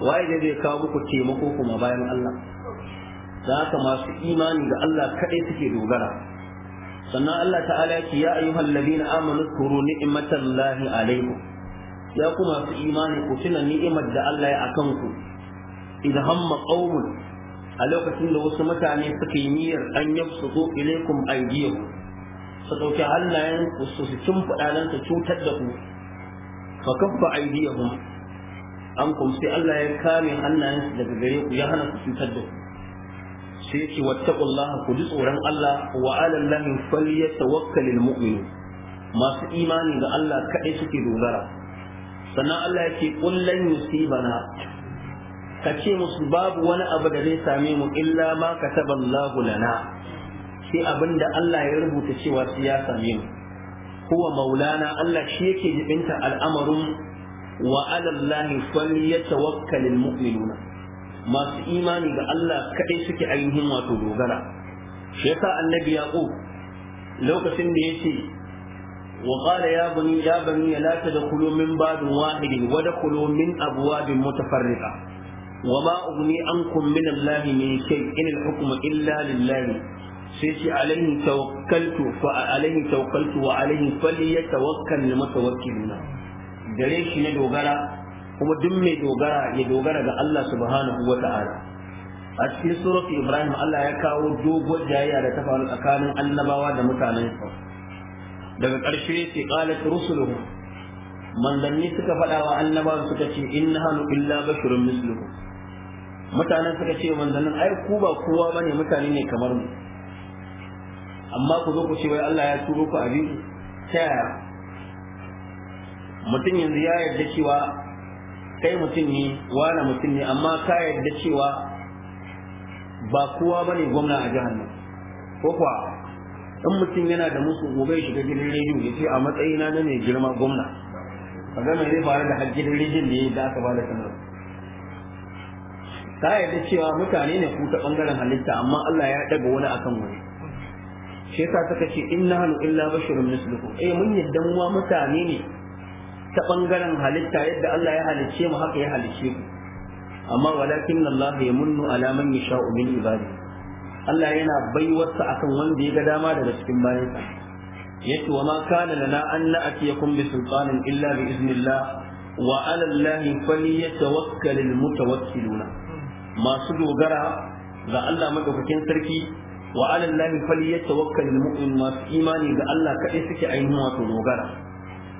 waye da zai kawo muku taimako kuma bayan Allah Za ka masu imani ga Allah kaɗai suke dogara sannan Allah ta'ala ya ce ya ayyuhal ladina amanu kuru ni'matallahi alaikum ya kuma su imani ku tuna ni'imar da Allah ya akan ku idan hamma qaumun a lokacin da wasu mutane suka yi niyyar an yabsutu ilaikum aydiyakum su dauki hannayen ku su cikin fudanan su cutar da ku fa kaffa aydiyahum an kum sai Allah ya kame hannayen su daga gare ku ya hana su cutar da ku sai ce wattaqullaha ku ji tsoron Allah wa 'alal lahi falyatawakkalul masu imani ga Allah kaɗai suke dogara sannan Allah yake qul lan yusibana ka ce musu babu wani abu da zai same mu illa ma kataballahu lana sai abin da Allah ya rubuta cewa siyasa ya same mu huwa maulana Allah shi yake jibinta al'amarin wa 'alal lahi falyatawakkalul mu'minuna masu imani ga Allah kaɗai suke ainihin wato dogara shi yasa annabi yaqub lokacin da yace wa qala ya bani ya bani la tadkhulu min babin wahidin wa dakhulu min abwabin mutafarriqa wa ma ughni ankum min Allah min shay in al-hukmu illa lillah sai ce alaihi tawakkaltu fa alaihi tawakkaltu wa alaihi falyatawakkal mutawakkiluna gare shi ne dogara kuma duk mai dogara ya dogara ga Allah subhanahu wa ta'ala a cikin surat Ibrahim Allah ya kawo dogon jayya da ta faru tsakanin annabawa da mutanen sa daga ƙarshe sai qalat rusuluhu manzanni suka faɗa wa annabawa suka ce in nahnu illa bashurun misluhu mutanen suka ce manzannin ai ku ba kowa bane mutane ne kamar mu amma ku zo ku ce wai Allah ya turo ku abin ta yaya mutum yanzu ya yarda cewa kai mutum ne wane mutum ne amma ka yadda cewa ba kowa ba ne gwamna a jihar nan ko kuwa in mutum yana da musu gobe ya shiga gidan rediyo ya ce a matsayina na ne girma gwamna ka gama zai fara da har gidan rediyon da ya da aka ba da sanar ka yadda cewa mutane ne kuta ɓangaren bangaren halitta amma Allah ya daga wani akan wani shi yasa suka ce inna hanu illa basharun mislukum eh mun yadda mu mutane ne ta ɓangaren halitta yadda Allah ya halicce mu haka ya halicce ku amma walakin Allah ya munnu alaman man yasha'u ibadi Allah yana baiwarsa akan wanda ya ga dama daga cikin bayansa yace wa ma kana lana an na'tiyakum bi sultanin illa bi iznillah wa ala Allah falyatawakkalul mutawakkiluna masu dogara ga Allah madaukakin sarki wa ala Allah falyatawakkalul mu'min masu imani ga Allah kadai suke ainihin wato dogara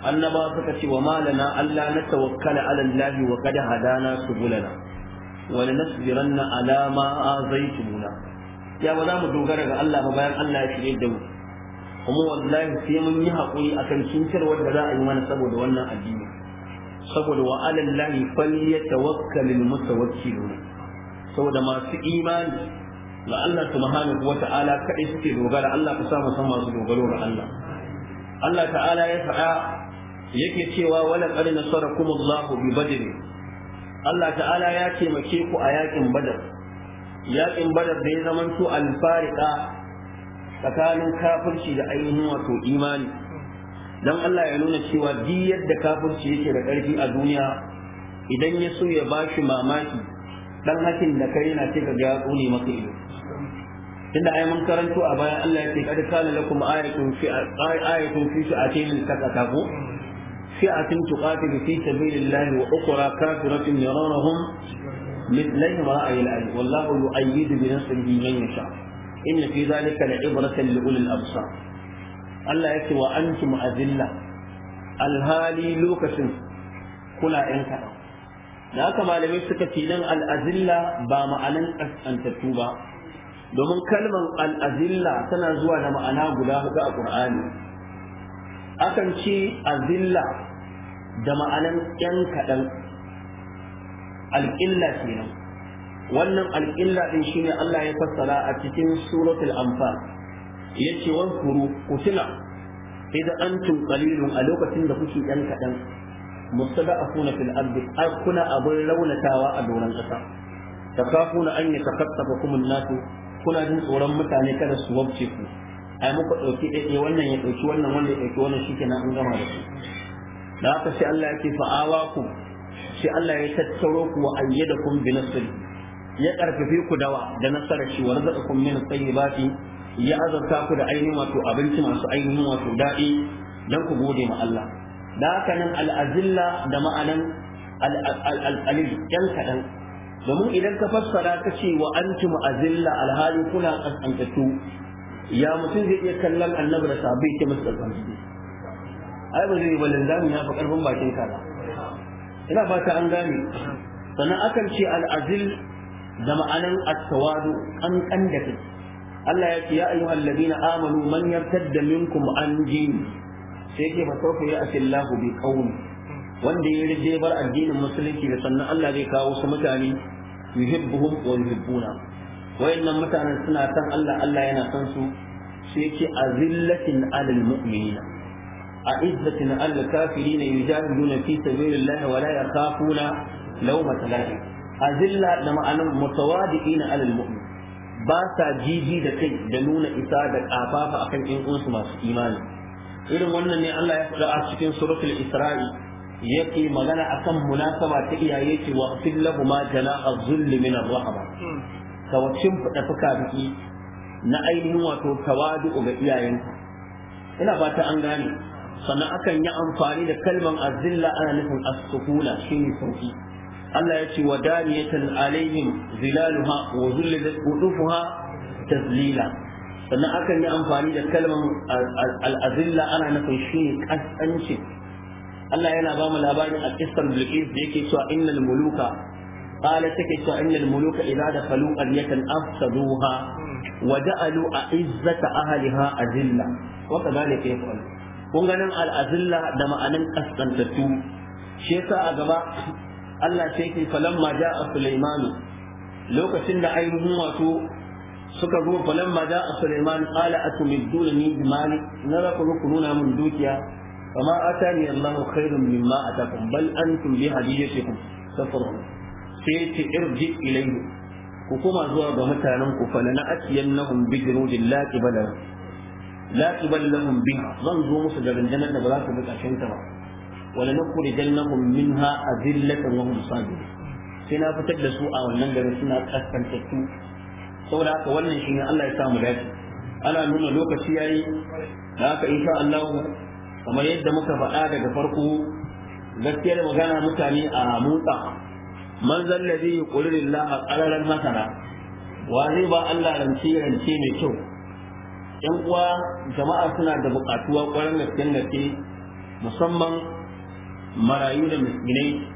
annaba suka ce wa malana Allah na tawakkala ala Allah wa qad hadana subulana wa lanasbiranna ala ma azaytumuna ya ba za mu dogara ga Allah ba bayan Allah ya shirye da mu kuma wallahi sai mun yi hakuri akan cutar wanda za a yi mana saboda wannan addini saboda wa ala Allah falyatawakkalul mutawakkilun saboda masu imani ga Allah subhanahu wa ta'ala kadai suke dogara Allah ka sa mu san masu dogaro ga Allah Allah ta'ala ya faɗa yake cewa wala qad nasarakum Allah bi badr Allah ta'ala ya taimake ku a yakin badar yakin badar da ya zamanto alfarika tsakanin kafirci da ainihin wato imani dan Allah ya nuna cewa duk yadda kafirci yake da karfi a duniya idan ya so ya bashi mamaki dan hakin da kai yana ce ga ya tsone maka ido tunda ai mun karanto a baya Allah ya ce kad kana lakum ayatun fi ayatun fi cikin takatabu فئة تقاتل في سبيل الله وأخرى كافرة يرونهم مثلهم رأي العين والله يؤيد بنصره من يشاء إن في ذلك لعبرة لأولي الأبصار الله يكتب وأنتم أذلة الهالي لوكس كلا إن كان da haka malamai suka ce nan al'azilla ba ma'anan ƙasƙantattu ba domin kalmar al'azilla tana zuwa da ma'ana guda hudu a ƙur'ani akan ce azilla da ma'anan yan kaɗan al'illa kenan wannan alƙilla ɗin ne Allah ya fassara a cikin suratul anfal ce wan kuru kutila idan antum qalilun a lokacin da kuke yan kaɗan mustada'afuna fil ardi kuna abin raunatawa a doron ƙasa takafuna an yatakaffafakum an-nasu kuna jin tsoron mutane kada su wabce ku ai muka dauki dai wannan ya dauki wannan wanda ya dauki wannan shikenan an gama da su da haka sai Allah yake ku, sai Allah ya tattaro ku wa ayyadakum bi nasr ya karfafe ku dawa da nasarar shi wa razaqakum min tayyibati ya azarta ku da ainihin wato abinci masu ainihin wato daɗi dan ku gode ma Allah da haka nan al'azilla da ma'anan al'alil yan kaɗan domin idan ka fassara ka ce wa antum azilla alhali kuna kasantattu ya mutum zai iya kallon annabi da sabai ke musu kasantattu ai ba zai ba linzamin ya fi karfin bakin kaza ina fata an gane sannan akan ce al'azil da ma'anan at an kankan da kai Allah ya ce ya ayyuhal ladina amanu man yartadda minkum an dini sai yake fa sawfa ya'ti Allahu bi wanda ya rije bar addinin musulunci da sannan Allah zai kawo su mutane yuhibbuhum wa yuhibbuna wayannan mutanen suna san Allah Allah yana san su sai yake azillatin alal mu'minina أعزة على الكافرين يجاهدون في سبيل الله ولا يخافون لومة لائم أذلة لما أنا متواضعين على المؤمن باسا جيجي da kai da nuna isa da kafafa akan in unsu masu imani irin wannan ne Allah ya faɗa a cikin suratul Isra'i yake magana akan munasaba ta iyaye ce wa fil lahuma jana'a dhulli min ar-rahma kawacin fada fuka biki na ainihin wato tawadu ga iyayenka ina fata an gane sannan akan yi amfani da kalman azilla ana nufin as-sukuna shine sauki Allah ya ce wa daniyatan alaihim zilaluha wa zullalat qutufuha tazlila sannan akan yi amfani da kalman al-azilla ana nufin shine kasanci Allah yana ba mu labarin a qistan bilqis da yake cewa innal muluka qala take cewa innal muluka idza dakhalu qaryatan afsaduha wa ja'alu a'izzata ahliha azilla wa kadhalika yaf'alu kun ganin al'azilla da ma'anin kaskantattu shi yasa a gaba Allah sai yake falamma ja'a Sulaiman lokacin da ainihin wato suka zo falamma ja'a Sulaiman qala ni bimali na za ku nuna min dukiya kama atani Allah khairun mimma atakum bal antum bi hadiyatikum safarun sai ce irji ilayhi ku kuma zuwa ga mutanen ku fa lana'tiyannahum bi junudin la la qibala lahum biha zan zo musu da rundunar da ba za su bi ƙarshen ta ba wala nukhrijannahum minha azillatan wa hum sabirun sai na fitar da su a wannan garin suna kaskantattu saboda haka wannan shine Allah ya samu dace ana nuna lokaci yayi da haka insha Allah kamar yadda muka faɗa daga farko gaskiyar magana mutane a mutsa man zallabi yuqulu lillahi qararan hasana wa zai ba Allah rance rance mai kyau yan uwa jama'a suna da buƙatuwa ƙwarar gaskiyar gaske musamman marayu da miskinai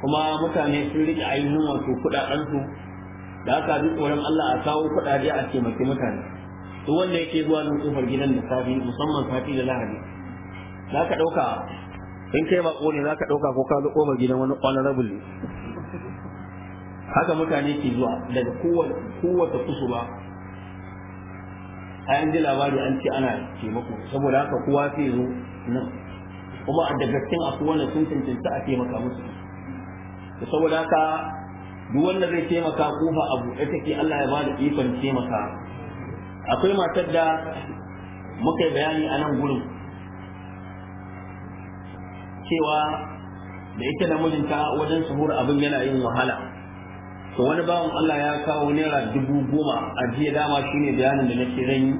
kuma mutane sun rike ainihin wato kuɗaɗensu da aka ji tsoron Allah a kawo kuɗaɗe a taimaki mutane duk wanda yake zuwa nan kofar gidan da safi musamman safi da lahadi za ka ɗauka in kai ba ne za ka ɗauka ko ka zo kofar gidan wani honorable ne haka mutane ke zuwa daga kowace kusurwa an ji labari an ce ana taimako saboda haka kowa sai zo nan kuma a cikin a kowane sun cancanta a taimaka musu da saboda haka duk wanda zai taimaka kofa a buɗe take Allah ya ba da ikon taimaka akwai matar da muka yi bayani a nan gurin cewa da ita da mijinta wajen suhur abin yana yin wahala to wani bawan Allah ya kawo naira dubu goma a jiya dama shine bayanin da nake zan yi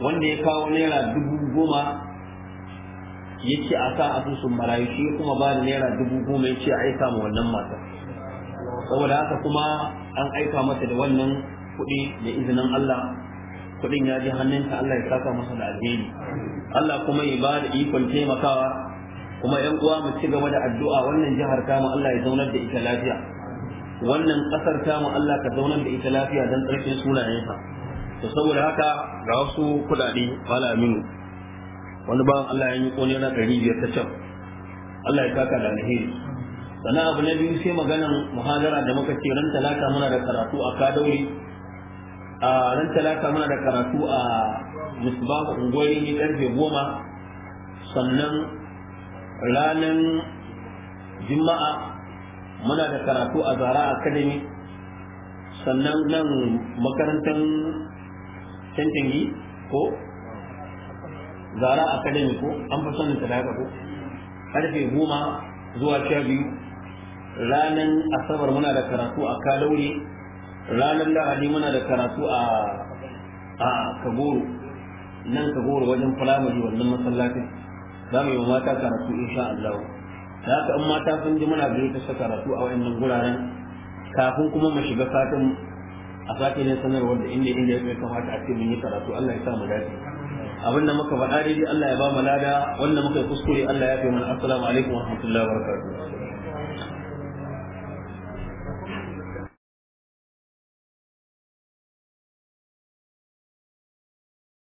wanda ya kawo naira dubu goma ya ce a sa asusun marayu shi kuma ba da naira dubu goma ya ce a aika ma wannan mata saboda haka kuma an aika mata da wannan kuɗi da izinin Allah kuɗin ya je hannunta Allah ya saka masa da alheri Allah kuma ya ba da ikon taimakawa kuma yan uwa mu ci gaba da addu'a wannan jihar kama Allah ya zaunar da ita lafiya wannan kasar mu Allah ka zauna da ita lafiya dan tsarkin sunayensa to saboda haka ga wasu kudade wala aminu wani bawan Allah ya yi kone na ɗari biyar ta can Allah ya saka da alheri sannan abu na biyu sai maganan muhadara da muka ce ran talata muna da karatu a kadauri a ran talata muna da karatu a musbahu unguwari ne karfe goma sannan ranar juma'a muna da karatu a zara academy sannan nan makarantar tantangi ko zara academy ko an fi sanin ta daga ko karfe goma zuwa sha biyu ranar asabar muna da karatu a kalauri ranar lahadi muna da karatu a a kagoro nan kagoro wajen firamare wannan masallacin za mu yi mata karatu insha Allah za ka in mata sun ji muna gari ta saka karatu a wayannan guraren kafin kuma mu shiga katin a sake ne sanarwar da inda inda ya kamata a ce mun yi karatu Allah ya sa mu dace abinda muka faɗa daidai Allah ya ba mu lada wanda muka yi kuskure Allah ya fi mana assalamu alaikum wa rahmatullahi wa barakatuh